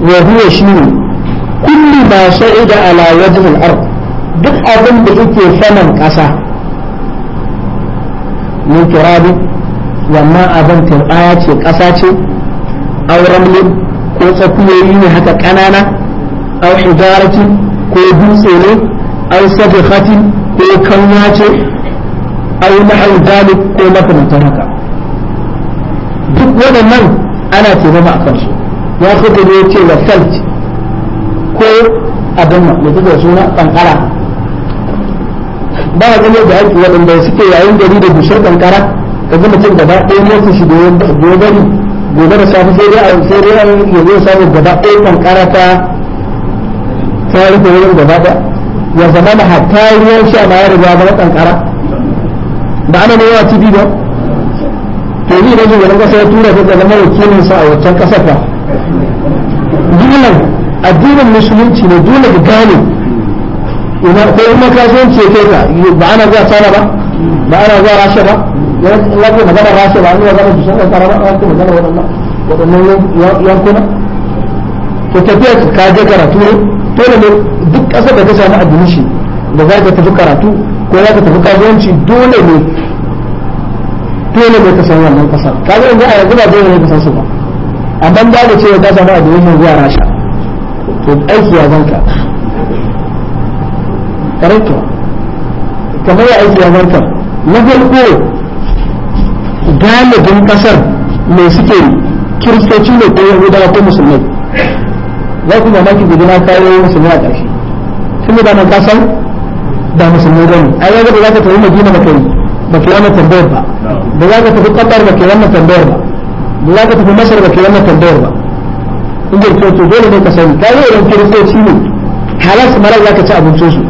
wa shi ne kullu ma sa'ida ala wajhi duk abin da yake saman kasa min turabi wannan abin turaya ce kasa ce auren ko tsakuyoyi ne haka ƙanana aw hijaratin ko dutse ne aw sadaqatin ko kanwa ce aw na'u dalik ko makamantan haka duk waɗannan ana taimama a kansu ya kuka ne ce wa felt ko abin nan da kuka suna kankara ba a gane da aiki waɗanda suke yayin gari da bushar kankara ka ga mutum gaba ɗaya motsin shi da ya bari gobe da safe sai dai a sai dai an yanzu samu gaba ɗaya kankara ta ta rufe wurin gaba ɗaya ya zama da hatta ruwan sha ma ya riga zama kankara ba ana yawa cibi ba to ni da shugaban kasa ya tura ta zama wakilin sa a wancan ƙasar ba dole addinin musulunci ne dole ka gane ko kuma kasuwanci ya kai ka ba ana zuwa tsara ba ba ana zuwa rasha ba yanzu ya ke magana rasha ba an yi magana bishan ƙasar ba an ke magana waɗannan yankuna to tafiya ka je karatu ne dole ne duk ƙasar da ta samu admission da za ka tafi karatu ko za ka tafi kasuwanci dole ne dole ne ka san wannan ƙasar kaga yanzu a yanzu ba dole ne ka san su ba amma da da cewa ka samu admission zuwa rasha to aiki ya zanka karatu kamar ya aiki ya zanka na farko galibin kasar mai suke kiristoci ne ko yahudawa ko musulmai za ku maki gudu na kawo musulmai a ƙarshe tun da nan kasar da musulmai ba ne ai yanzu da za ka tafi madina ba kai ba ke wannan tambayar ba da za ka tafi qatar ba ke wannan tambayar ba da za ka tafi masar ba ke wannan tambayar ba in ga to dole ne ka sani ka irin kiristoci ne halas mara za ka ci abincinsu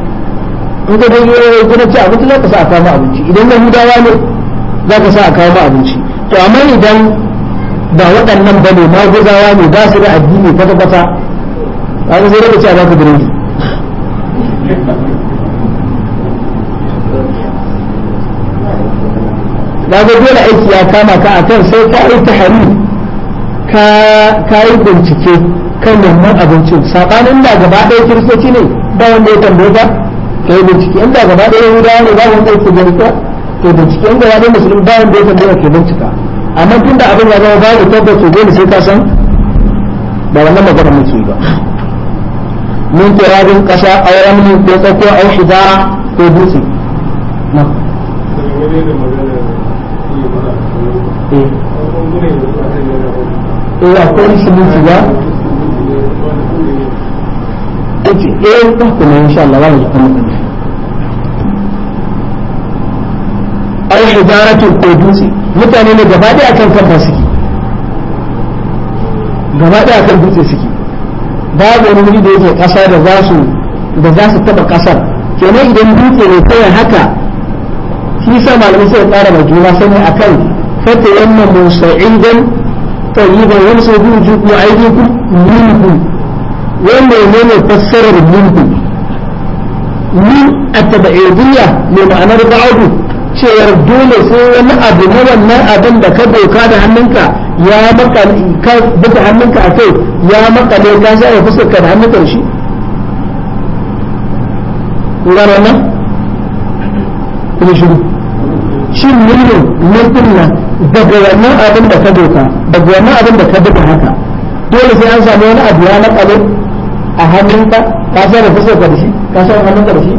in ka dai yi kuma ci abinci za ka sa a kama abinci idan yahudawa ne za ka sa a kawo ma abinci to amma idan ba waɗannan ba ne maguzawa ne ba su da addini kwata-kwata a ga sai da a baka birni ba ga dole aiki ya kama ka a kan sai ka yi hari ka yi bincike kan wannan abincin saɓanin da gaba ɗaya kiristoci ne ba wanda ya tambaye ba ka yi bincike inda gaba ɗaya yahudawa ne ba wanda ya ke gani to bincike inda ya zama musulmi bayan da ya tambaya ke bincika amma tunda abin ya zama babu tabbata dole sai ka san ba wannan magana muke ba min turabin kasa aw ramli ko tsako aw hijara ko dutse na eh, eh akwai siminti ba eh kuma insha Allah wani ya ai hijaratul qudusi mutane ne gaba daya kan kafa suke gaba daya kan dutse suke babu wani wuri da yake kasa da za su da za su taba kasar kenan idan dutse ne kai haka shi sa malamai sai ya fara ba juna sani akan fata yamma musa'idan tayyiban yamsa bi wujudu aydikum minhu wanda ne fassarar minhu min at-tabi'iyya ne ma'anar ba'du cewar dole sai wani abu na wannan abin da ka doka da hannunka ya maka ka buga hannunka a kai ya maka ne ka sha ya fuskar da hannunka shi gano na. shiru shin mulkin mulkin kunna daga wannan abin da ka doka daga wannan abin da ka buga haka dole sai an samu wani abu ya makale a hannunka ka sha da fuskar da shi ka sha hannunka da shi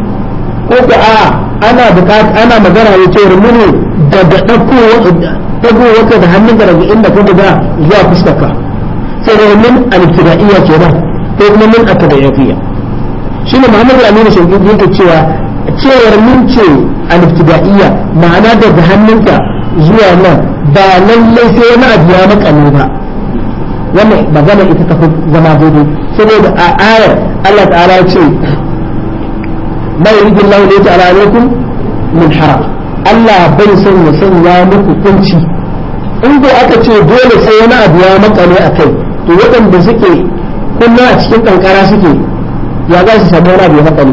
ko ko a'a ana bukata ana magana ya cewar muni daga wata da hannun da daga inda ka buga zuwa fuskaka sai da min ke nan ko kuma min akada'iyya shi ne muhammadu aminu shaikun yake cewa cewar min ce alkida'iyya ma'ana daga hannunka zuwa nan ba lallai sai wani abu ya makale ba wannan magana ita tafi zama daidai saboda a ayar Allah ta'ala ce ma yuridu Allah ne ta'ala alaikum min haram Allah bai son ya sanya muku kunci in ko aka ce dole sai wani abu ya makale a kai to waɗanda suke kunna a cikin kankara suke ya za su samu wani abu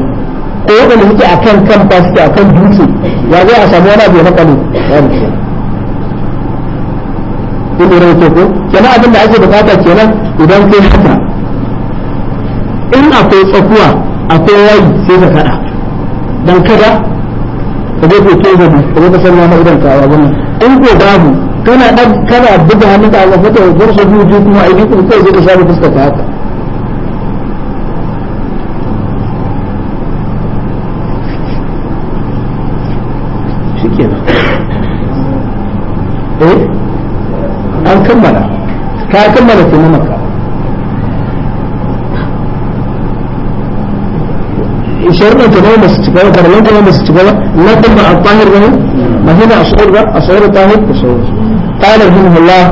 ya ne ko waɗanda suke akan kan ba suke akan dutse ya za a samu wani abu ya ne kun lura da ko kenan abin da ake bukata kenan idan kai haka in akwai tsakuwa akwai wayi sai ka kada dan kada ka zai koke gobe ka zai kasar ma idan ka abin nan in ko babu kana dan kana buga hannu da Allah fata ko su biyu ji kuma aiki kuma sai zai da shafi fuskar ta haka shikenan eh an kammala ka kammala sunan mamaka وشرنا كمان استقبال كرمان كمان استقبال لا تبع الطاهر ده ما هنا أشعر بقى أشعر الطاهر بشعور قال رحمه الله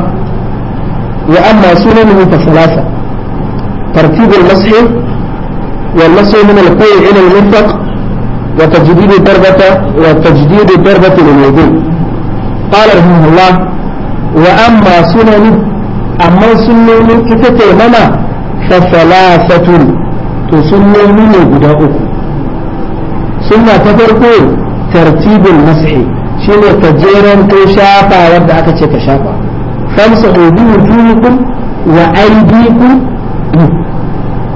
وأما سننه فثلاثة ترتيب المسح والمسح من القوي إلى المنفق وتجديد الدربة وتجديد الدربة للوضوء قال رحمه الله وأما سننه أما سننه كتتمنا فثلاثة تسننه بدأ أخرى ثم تفرقوا ترتيب المسح شنو تجيرا تشافى وابدا اكتشف شافى فامسحوا بوجوهكم وايديكم منه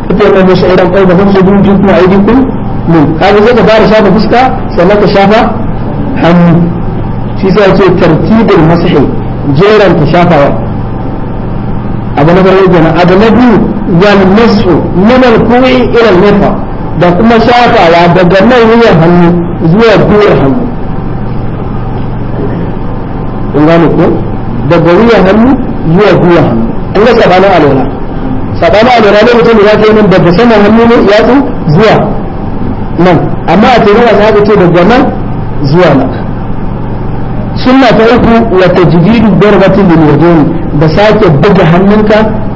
قلت لما مش ايضا قلت فامسحوا بوجوهكم وايديكم منه هذا زي كفار شافى فسكا سنة تشافى حمي في سنة ترتيب المسح جيرا تشافى أبو نفر يقول أبو نفر يقول المسح من الكوع إلى المرفق da kuma shafawa daga nan wuyan hannu zuwa gwiwar hannu in gane ko daga wuyan hannu zuwa gwiwar hannu an ga sabanin alwala sabanin alwala ne mutum ya ce nan daga saman hannu ne ya tsu zuwa nan amma a tare da haka ce daga nan zuwa nan sunna ta uku wa tajdidu darbatin lil yadayn da sake buga hannunka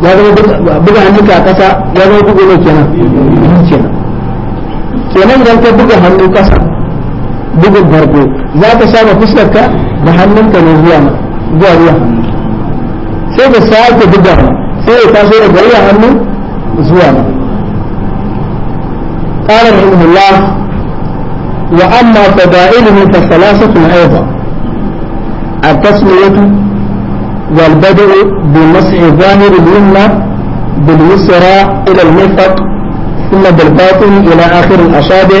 ya zama buga hannunka a ƙasa ya zama bugu ne kenan kenan kenan idan ka buga hannu ƙasa bugun farko za ka shafa fuskarka da hannunka ne zuwa zuwa ruwan hannu sai ka sake buga sai ya taso da gari hannu zuwa nan قال رحمه الله وأما فضائله فثلاثة أيضا التسمية والبدء بمسح ظاهر اليمنى باليسرى إلى المرفق ثم بالباطن إلى آخر الأصابع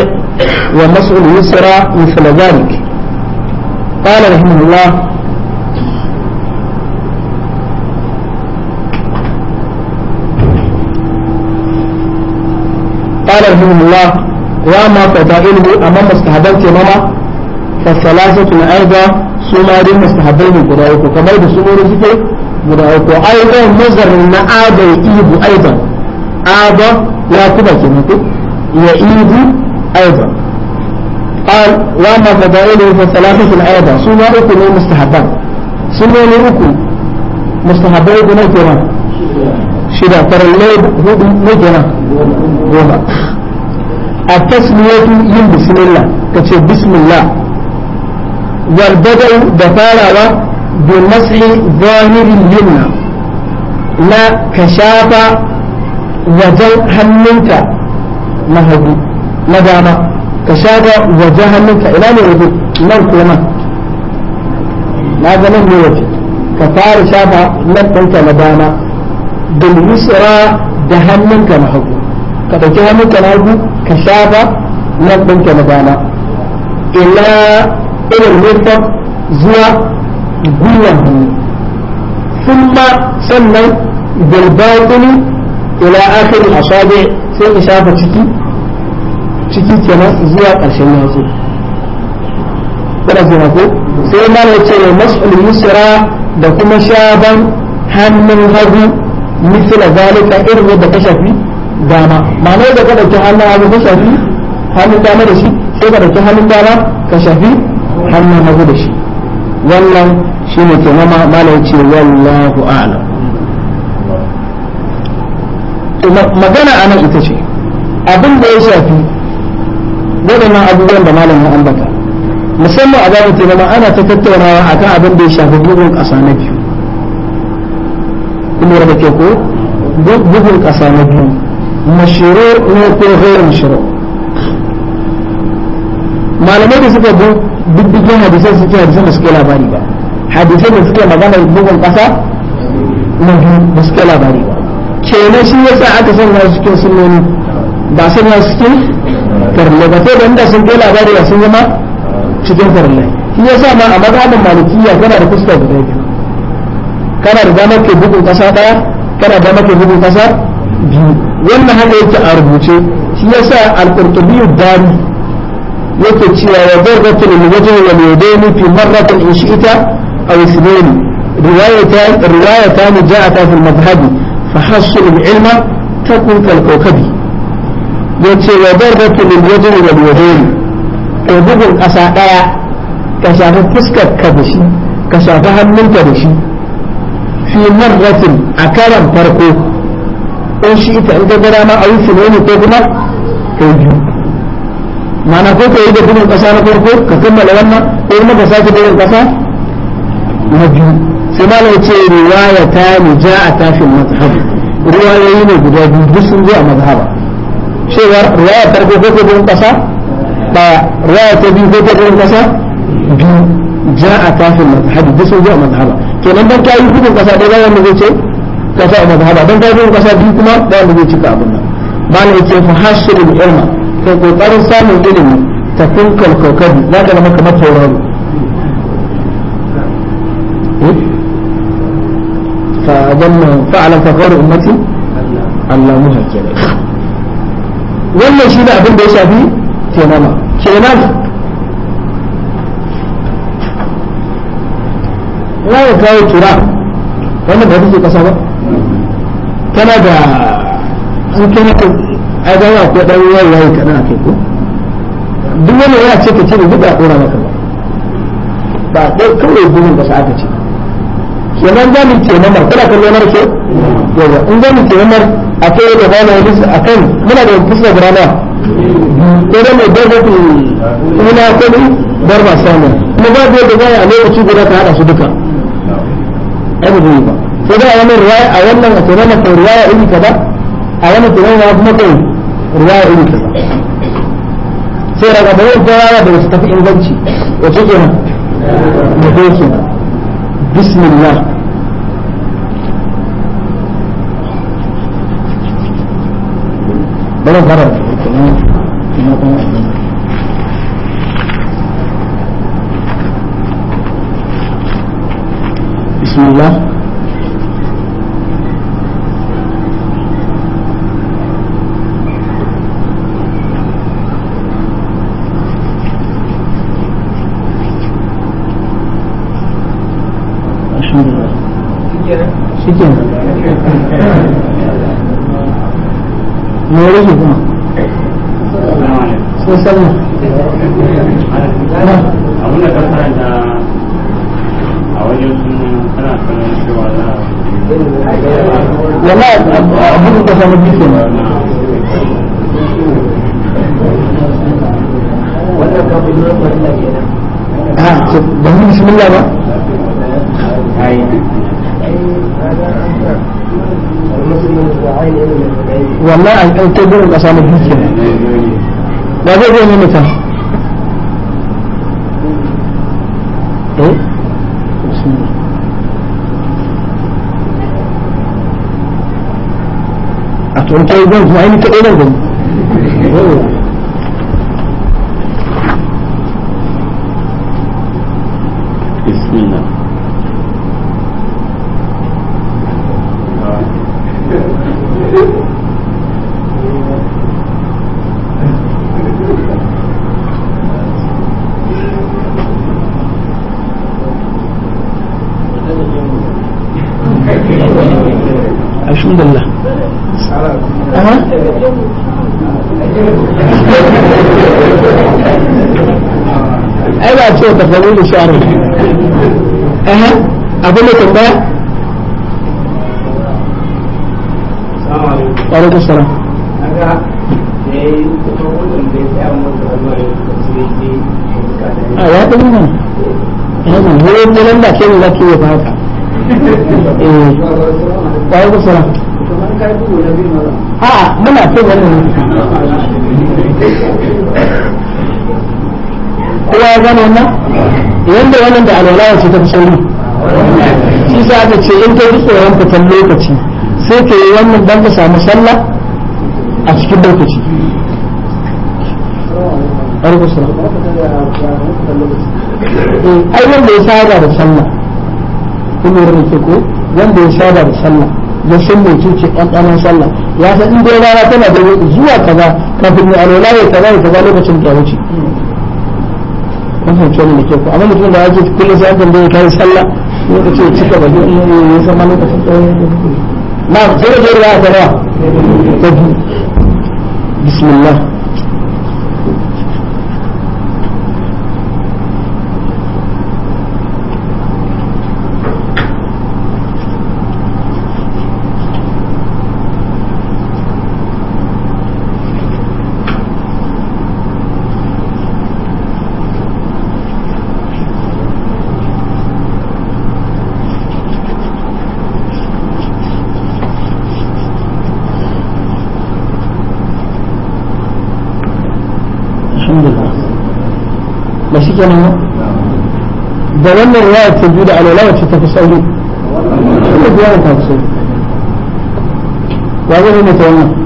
ومسح اليسرى مثل ذلك قال رحمه الله قال رحمه الله وأما فضائله أمام استهدفت ماما فالثلاثة أيضا su ma dai mustahabbai ne guda uku kamar da su wani suke guda uku aidan nazarin na aba ya ibu aidan aba ya kuma ke mutu ya ibu aidan قال وما فضائله فثلاثة الأيضا سنة أكو من مستحبان سنة أكو مستحبان بنا كنا شدا ترى الليل هو نجنا التسمية يم بسم الله بسم الله والبدء دفارة بمسح ظاهر اليمنى لا كشاف وجل هننك نهدي ندامة كشاف وجل هننك إلى نهدي nan kuma na ga nan ne waje ka fara shafa nan ɗanka na dama da lusura da hannunka na hagu ka ɗauki hannunka na hagu ka shafa nan na dama daga murfar zuwa gwiwa hannu ثم سنن بالباطن إلى آخر الأصابع في إشافة تكي ciki kenan zuwa ƙarshen yatsu ƙarfi ko sai mana ce wa mas'ul yusra da kuma shaban hannun hagu misla zalika irin yadda ka shafi dama ma'ana yadda ka ɗauki hannun hagu ka shafi hannun dama da shi sai ka ɗauki hannun dama ka shafi hannu mazu da shi wannan shi ne ke nama mala ce wallahu a'lam magana a nan ita ce abin da ya shafi waɗannan abubuwan da malam ya ambata musamman a zamu ke nama ana ta tattaunawa kan abin da ya shafi bugun ƙasa na biyu kuma da ke ko bugun ƙasa na biyu mashiro ne ko gairin mashiro malamai da suka bi diddigin hadisai suke hadisan da suke labari ba hadisai da suke magana bugun kasa na biyu da suke labari ba kenan shi yasa aka san wasu cikin sunoni ba san su suke farle ba sai da sun kai labari ba sun zama cikin farle shi yasa ma a mazhabin malikiya kana da fuska guda biyu kana da damar ke bugun kasa daya kana da damar ke bugun kasa biyu wannan haka yake a rubuce shi yasa al-qurtubi dari وتجيء وضربة الوجه واليدين في مرة إنشئتا أو اثنين روايتان روايتان جاءتا في المذهب فحصل العلم تكون كالكوكب وتجيء وضربة الوجه واليدين أبوك الأساقاء آية. كشافة فسكة كبشي كشافة من كبشي في مرة أكرم فرقوك أنشئت عند دراما أو اثنين كبنا تجيء mana ko ka yi da bugun kasa na farko ka kammala wannan ko kuma ka sake bugun kasa na biyu sai malai ce riwaya ta ni ja a tafin mazhab riwayoyi ne guda biyu duk sun zo a mazhaba cewar riwaya farko ko ka bugun kasa ba riwaya ta biyu ko ka bugun kasa biyu ja a tafin mazhab duk sun zo a mazhaba kenan dan yi bugun kasa ɗaya wanda zai ce kasa a mazhaba dan yi bugun kasa biyu kuma ɗaya wanda zai cika abin nan malai ce fa hasrul ilma to kokarin samun ilimi ta finkar kokari za ka zama kamar tauraro eh? fa wannan fa'ala ta kawar ummati Allah muha kenan wannan shi ne abin da ya shafi kenama kenan na ya kawo tura wannan ba kake kasa ba tana da an kai ai ga ya ko dan yayi yayi kana akai ko duk wani ya ce ka ce duk a dora maka ba ba dai kawai gurin ba sa aka ce kenan za mu ce mamar kana kallo mar ke yawa in za mu ce mamar akai da ba bana yi akan muna da fuska burana ko da mai da ku ina ko ni bar ba samu kuma ba da da a lokaci guda ka hada su duka ai ba ba ko da a wannan riwaya a wannan a tsaron ka riwaya in kada a wani tsaron ya kuma kai riwaya irin ta sai daga bayan ta da wasu tafi inganci wace ke nan da doki bismillah bari fara bangaren kasa na biyu ba zai zai mamata eh? a tuwon ta yi zan kuma ainihin kaɗai nan gani ai ba ce ta faru da share eh abin da tambaya wa alaikum salam a ya ɗin nan da ke za eh, yi ba haka eh a muna kai wannan kowa ya gano wannan yadda wannan da alwala ce ta fi sauri shi sa aka ce in ta rufe wani fitan lokaci sai ka yi wannan dan ka samu sallah a cikin lokaci eh, ai wanda ya saba da sallah kuma da ke ko wanda ya saba da sallah ya san mece ce ɗanɗanon sallah ya san in dai rana tana da zuwa kaza kafin ya alola ya kaza ya kaza lokacin da wuce kun fahimci wannan ke ku amma mutum da yake kullum sai an da ya kai sallah lokacin ya cika baje in ya lokacin da ya na ya ta ba bismillah كنا دولنا رواية سجودة على لا وجه تفصيله كل ديانة تفصيله وهذا هو متوانا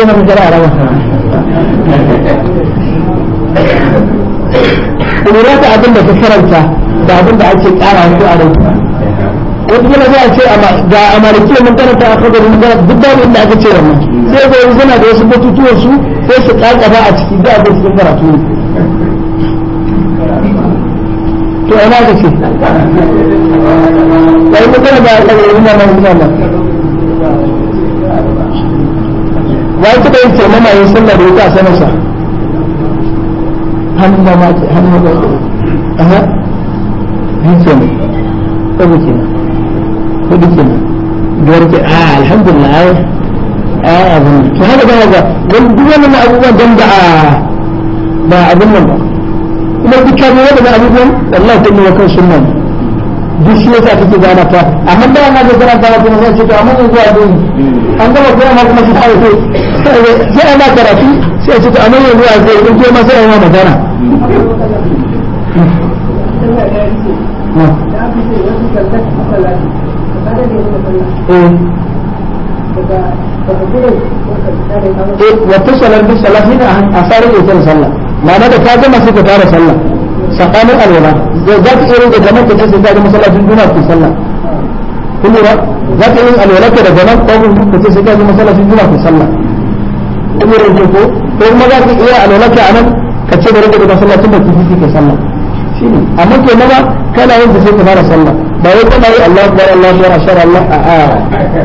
جمع الجلالة وحنا ولا تعدم في فرنسا تعدم بعد شيء تعالى وانتو عليك وكل هذا شيء أما جاء أما لكي من كان تأخذ من كان ضد ما إلا كثير ما سيد الزمن هذا سبب تطوره فيس قال أبا أشكي جاء بس كفرة تقول تو أنا كثير لا يمكن أن يكون هذا الإمام الإمام wai kuka yi ce mana yin sallah da wuta sama sa hannun da maki hannun da aha yi ce ne ɗago ke nan hudu ke ne biyar ke a ah, alhamdulillah ai ai abin nan to haka ba ga wani duk wannan abubuwan don ba a ba abin nan ba kuma duk kamar wannan abubuwan wallahi ta ne wa kan sunna ne duk shi yasa kake gane ta amma da na da kana gane kuma sai ce to amma yanzu abin an gama kuma ma kuma shi ta sai sai ana karatu sai a ce ta zai yawa magana a sallah ma'ana da ta gama sai tara sallah alwala za sai sallah kun lura za yi alwala ka da gaban ka sai sallah umurin ka ko ko kuma za ka iya alwalarka a nan ka ce bari daga sallah tun da kifi ke sallah shine amma ke maza kana yin sai ka fara sallah ba wai kana yi Allah akbar Allah akbar ashar Allah a a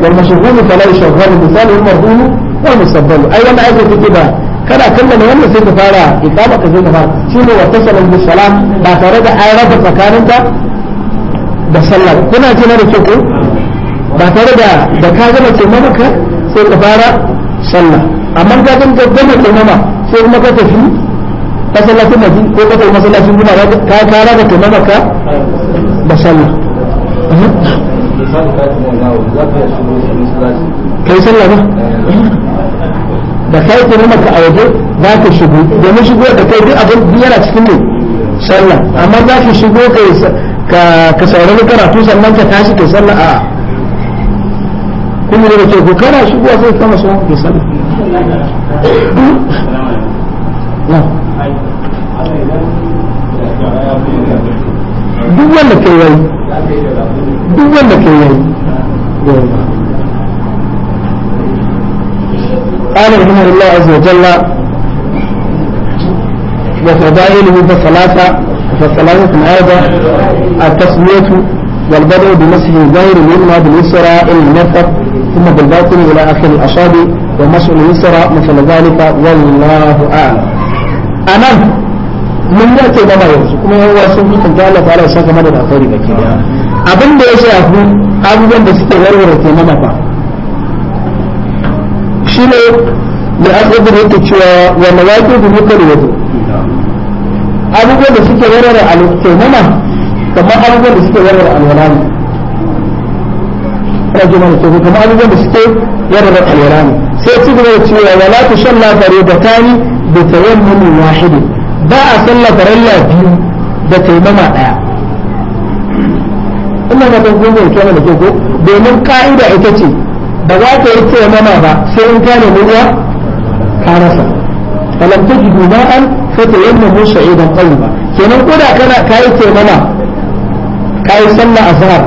wal mashghulu fala yashghal misali al marhum wa musabbal ai wannan aiki take da kana kallon wannan sai ka fara iqama ka sai ka fara shine wa tasallu bis salam ba tare da ai raba tsakaninka da sallah kuna ji na da kyau ko ba tare da da ka gama ce maka sai ka fara sallah amma ka san gaggama taimama sai kuma ka tafi masallacin maji ko ka tafi masallacin kuma ka kara da taimama ka ba sallah kai sallah ba da kai taimama ka a waje za ka shigo domin shigo da kai duk abin yana cikin ne sallah amma za ka shigo ka saurari karatu sannan ka tashi ka sallah a kuma da ke ko kana shigo sai kama sauran kai sallah duk لك ke yayi duk wanda قال رحمه الله عز وجل وفضائله فثلاثة فالثلاثة هذا التسمية والبدء بمسح الظاهر اليمنى باليسرى إلى النفق ثم بالباطن إلى آخر الأصابع ومسح اليسرى مثل ذلك والله أعلم أمان من يأتي بما يرزق من هو سنة جعل فعلى ساك مدى الأخير بكيدا أبن بيسا أفضل أبن بيسا أفضل أبن بيسا أفضل لأخذ الهتشوى ومواجه بمكة الوضوء abubuwan da suke warware alkyaunana kamar abubuwan da suke warware alwalani kuma jimani to kuma abubuwan da suke warware alwalani sai ci gaba da cewa wala tu salla faridatani bi tayammumin wahid ba a salla farilla biyu da taimama daya ina ga dan gobe kenan da kyau ko domin ka'ida ita ce ba za ka yi taimama ba sai in ka nemi ruwa ka rasa falam tajidu ma'an fatayammamu sa'idan tayyiba kenan ko da kana kai taimama kai sallah azhar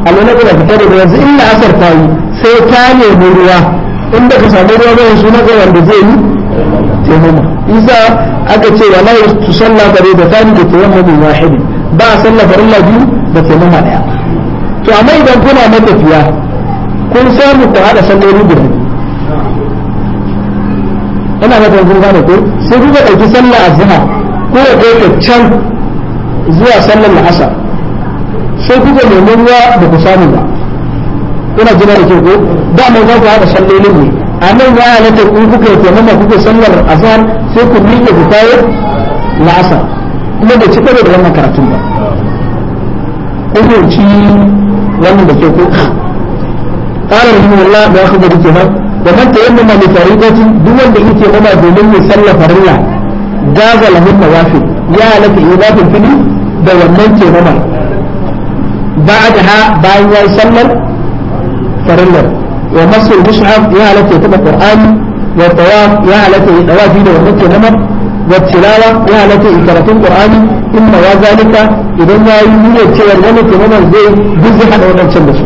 Allah na gudu fitar da yanzu in asar ta yi sai ta nemi ruwa inda ka samu ruwa bayan suna ga wanda zai yi taimama isa aka ce wa la tusalla bare da tani da taimama wahidi ba a sallah farilla biyu da taimama daya to amma idan kuna matafiya kun samu ku hada salloli guda ina ga kun gane ko sai kuka dauki sallah azhar ko ya kai can zuwa sallar asar sai kuka nemi ruwa da ku samu ba ina jira da ke ko da mu za da haɗa sallolin ne a nan ya halatta in kuka yi taimama kuka sallar azhar sai ku miƙe ku kawo la'asar kuma da ci karo da wannan karatun ba ƙuhurci wannan da ke ko قال رحمه الله ما أخبر كمان ومن تيمم لفريضة دون بإيه تيمم دون يسلى فريضة جاز له النوافل يا لك إيمان الفلي دوامن تيمم بعدها باين يسلى فريضة wa masu mushaf ya halatta ya taba qur'ani wa tawaf ya halatta da wannan kenan wa tilawa ya karatun qur'ani in ma ya idan ya yi niyyar cewa wannan kenan zai guzi hada wadancan da su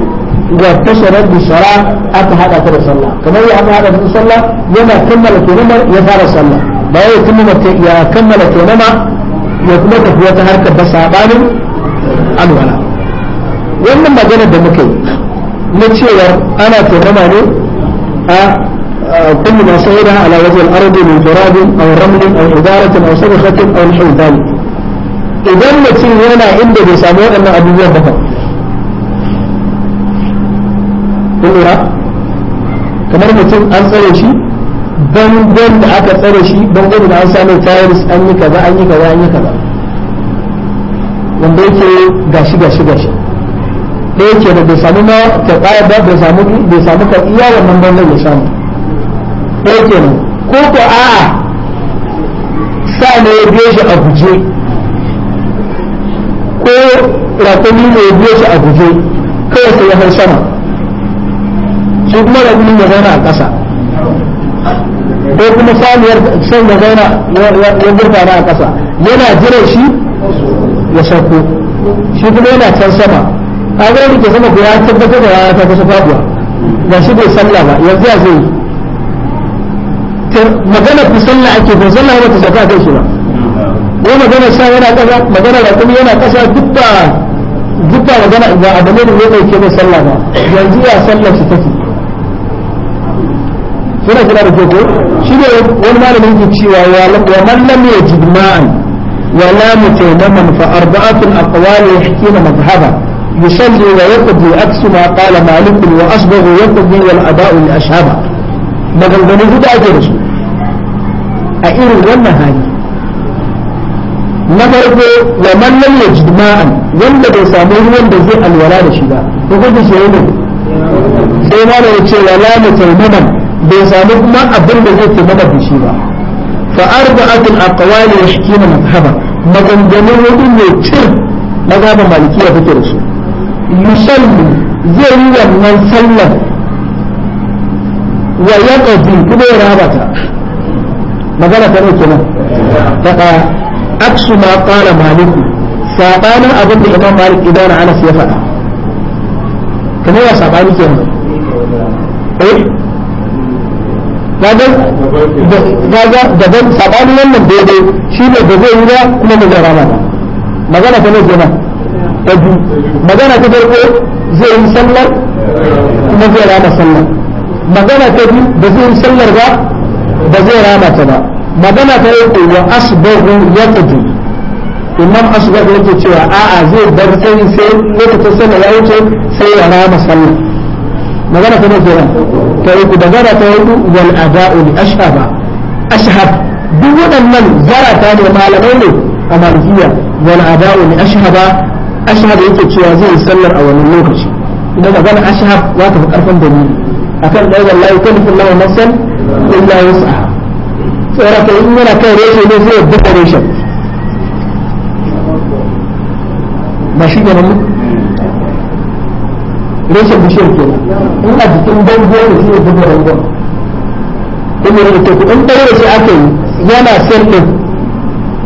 wa tasharar bi shara aka hada ta sallah kamar ya aka sallah yana kammala kenan ya fara sallah ba ya kammala ya kammala ya kuma tafi wata harkar ba sabanin alwala wannan magana da muka yi نتشير أنا تغماني كل ما صغيرها على وجه الأرض من جراب أو رمل أو إدارة أو صدخة أو الحيطان إذا نتشير أنا عند بسامو أن أبي يهبه كل رأى كما نتشير أن صغير شيء بندن da aka tsare shi bangon da an samu tayaris an yi kaza an yi kaza an yi kaza wanda yake da yake da bai samu ma ta ba bai samu bai samu ka iya wannan ban zai samu da yake ne ko ko a'a sa ne ya biyo shi a guje ko rakumi ne ya biyo shi a guje kawai sai ya hau sama shi kuma rakumi ya zauna a ƙasa ko kuma saniyar son ya zauna ya na a ƙasa yana jiran shi ya sauko shi kuma yana can sama kaga da ke sama ku ya tabbatar da rana ta kusa faduwa ba shi bai sallah ba yanzu ya zai magana ku sallah ake ko sallah ba ta saka kai shi ba ko magana sa yana kasa magana da kuma yana kasa duk ba duk ba magana ba abu ne da zai dauke mai sallah ba yanzu ya sallah shi take suna kira da koko shi ne wani malamin ke cewa wa man lam yajid ma'an wa la mutaymaman fa arba'atun aqwali yahkina mazhaba يصلي ويقضي عكس ما قال مالك وأصبغ يقضي والأباء لأشهابه بدل من يجد أجرسه أئر هاي؟ نبرك ومن لم يجد ماء ومن لم يصابه ومن لم يزيء الولاء لشباء فقد يسعينه سيمانا يتشي ولا متلمنا بيصابه ما أبدل بزيء تمنى بشباء فأربعة الأقوال يحكينا مذهبا مجندنه ودن يتشي مذهب مالكية بكرسه yusalli zai yi wannan sallar wa ya ƙaji kuma ya rabata magana ta nake nan daga aksu ma ƙara maliku saɓanin abin da imam malik idan anas ya faɗa kamar ya saɓani ke nan eh gaga daban saɓanin wannan daidai shi ne da zai yi ba kuma ba zai rabata magana ta nake nan ta biyu magana ta farko zai yi sallar kuma zai rama sallar magana ta biyu ba zai yi sallar ba ba zai rama ta ba magana ta uku wa asbahu yaqdi imam asbahu yake cewa a'a zai bar sai sai lokacin sallar ya wuce sai ya rama sallar magana ta nawa ta uku da zara ta hudu wal ada'u li ashhaba ashhab duk waɗannan zara ta ne malamai ne a malikiya wal ada'u li ashhaba ashhab yake cewa zai yi sallar a wani lokaci idan magana ashhab za ta fi karfin dalili akan dai wallahi kullu kullu illa tsara ta in yana kai reshe ne zai buga reshe ba shi ganin reshe ke in a jikin bango ne zai buga bangon kuma in yi yana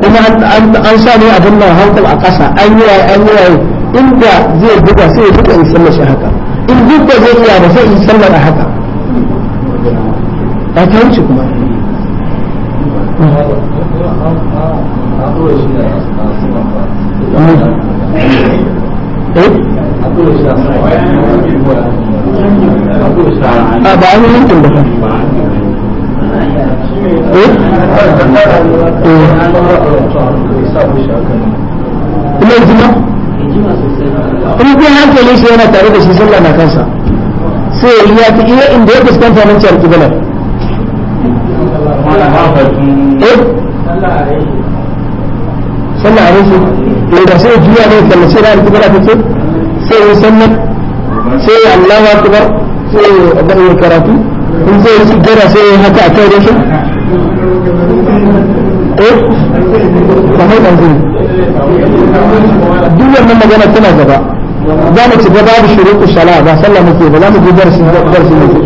kuma an sa ne abin nan hankal a ƙasa an yi waye an yi waye inda zai buga sai ya buga in sallar shi haka in zai iya ba sai in sallar a haka ba ta kuma eh? ba yi yankin kuma ijima kuma kuma hankali shi yana tare da shi sallah na kansa sai ya iya iya inda ya fuskanta nan ciyar kibilar sallah a rinsu da juya ne kallace ta ce sai ya sannan sai sai ya karatu in zai ci gara sai ya haka a kai rashin eh kamar da zai duk wannan magana tana gaba za mu ci gaba da shirin shala ba sallah muke ba za mu je darasi darasi muke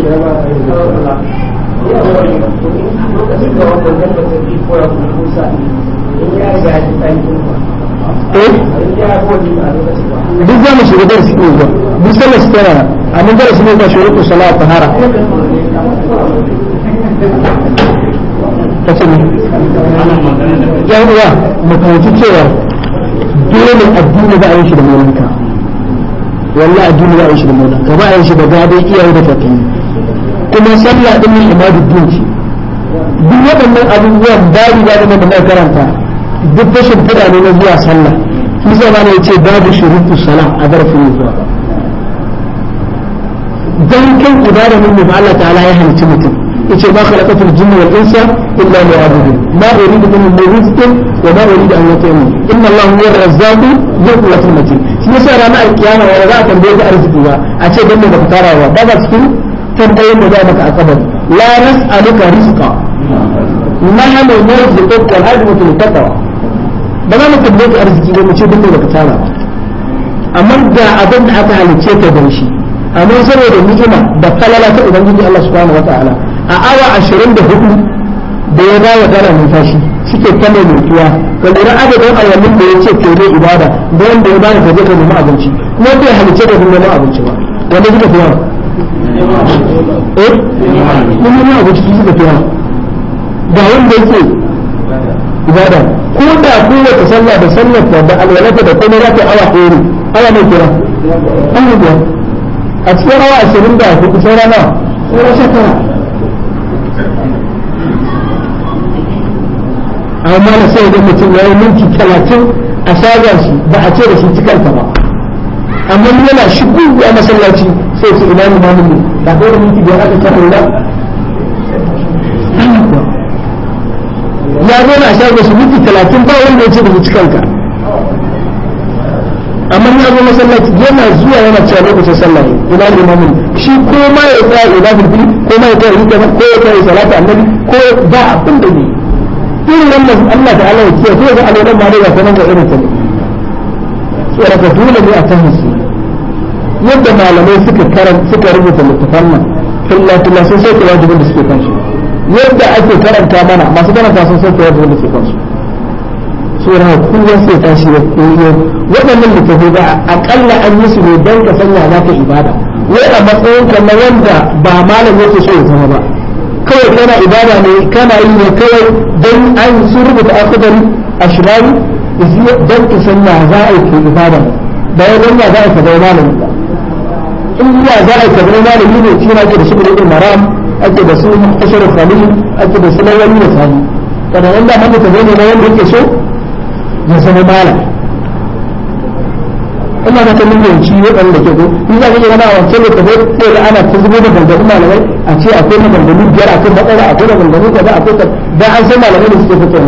eh duk za mu shiga darasi ne zuwa duk sallar su tana amma darasi ne zuwa shuru kusala a tahara kace ne yan uwa mu cewa dole addini za a yi shi da maulanka wallahi addini za a yi shi da ba a yi shi da gadon iyaye da kakanni kuma sallah din min imadu dinki duk waɗannan abubuwan babu ba da mai karanta duk da shimfiɗa ne na zuwa sallah مثلا زمان يتي باب شروط الصلاة أدرف النظرة دان كان قدارة من مبعلة على أيها التمتن يتي ما خلقت الجن والإنس إلا ليعبدون ما أريد من الموز وما أريد أن يطعمون إن الله هو الرزاق ذو قوة المتين في سورة ماء القيامة ورداء كان بيد أرزقها أتي بني بكتارا وبابا سكين كان مدامك أقبل لا نسألك رزقا نحن نرزقك هدمة لتقوى ba za mu tambaye ka arziki ba mu ce duk da ka tara amma ga abin da aka halice ka da shi amma saboda ni'ima da falala ta ubangiji Allah subhanahu wataala a awa 24 da ya dawo tana numfashi suke kama mutuwa ka lura adadin awannin da ya ce ke ne ibada da wanda ya bani ka je ka nemi abinci kuma bai halice ka nemi abinci ba wanda kuka fi yawa eh? kuma nemi abinci kika fi yawa ga wanda yake ibada ko da kowace sallah da sallar ta da alwalata da komai za ta awa ɗaya awa mai kira awa biyar a cikin awa ashirin da hudu saura nawa saura shekara amma na sai da mutum ya yi minti talatin a shagar shi ba a ce da shi cikanta ba amma yana shigo ya masallaci sai su ba mamu ne da kawai minti biyar aka da. ka zauna a shago su minti talatin ba wanda ya ce ba su cikan ka amma ya zo masallaci yana zuwa yana cewa lokacin sallah ina limamin shi ko ma ya tsaya ina bilbil ko ma ya tsaya ina ko ya tsaya salatu annabi ko ba abin da ne irin wannan Allah ta'ala ya ce ko ga alwalan ma da sanan ga irin ta ne tsara ka dole ne a tahisi yadda malamai suka karanta suka rubuta littafan nan filla filla sun sai wajibin da suke kan shi yadda ake karanta mana masu karanta sun san ta yadda wanda ke kansu sura kowa sai ta shi koyo waɗannan ta ba akalla an yi su ne don ka sanya za ka ibada wai a matsayin ka wanda ba malam yake so ya zama ba kawai kana ibada ne kana yi ne kawai don an sun rubuta akudari a shirari don ka sanya za a yi ibada ba ya don za a ka zama malami ba in ya za a yi ka zama malami ne kira ke da shi ne maram ake da su mukhtasar salih ake da su lawali da sani kada in da manta zai ne wanda yake so ya zama malam ina da ta mun ci waɗanda ke ko in za ka yi wani wancan da tafi sai da ana ta zubo da gangamin malamai a ce akwai maganganu biyar akwai matsala akwai maganganu kaza akwai kaza dan an san malamai da suke fito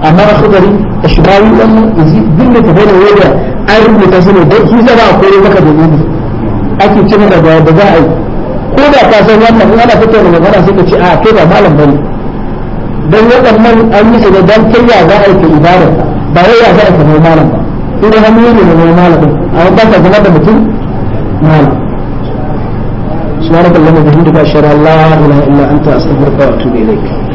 amma a khudari a shibawi wannan duk da tafi da wanda an rubuta su ne don su zama akwai maka da ake ce da za a yi ko da ka san wannan in ana fito da magana suka ka ce a kai ba malam bane dan wadannan an yi da dan kai ya za a yi ibada ba wai ya za a zama malam ba ina ga hannu ne ne malam a ba ka zama da mutum malam سبحانك اللهم وبحمدك أشهد أن لا إله إلا أنت أستغفرك وأتوب إليك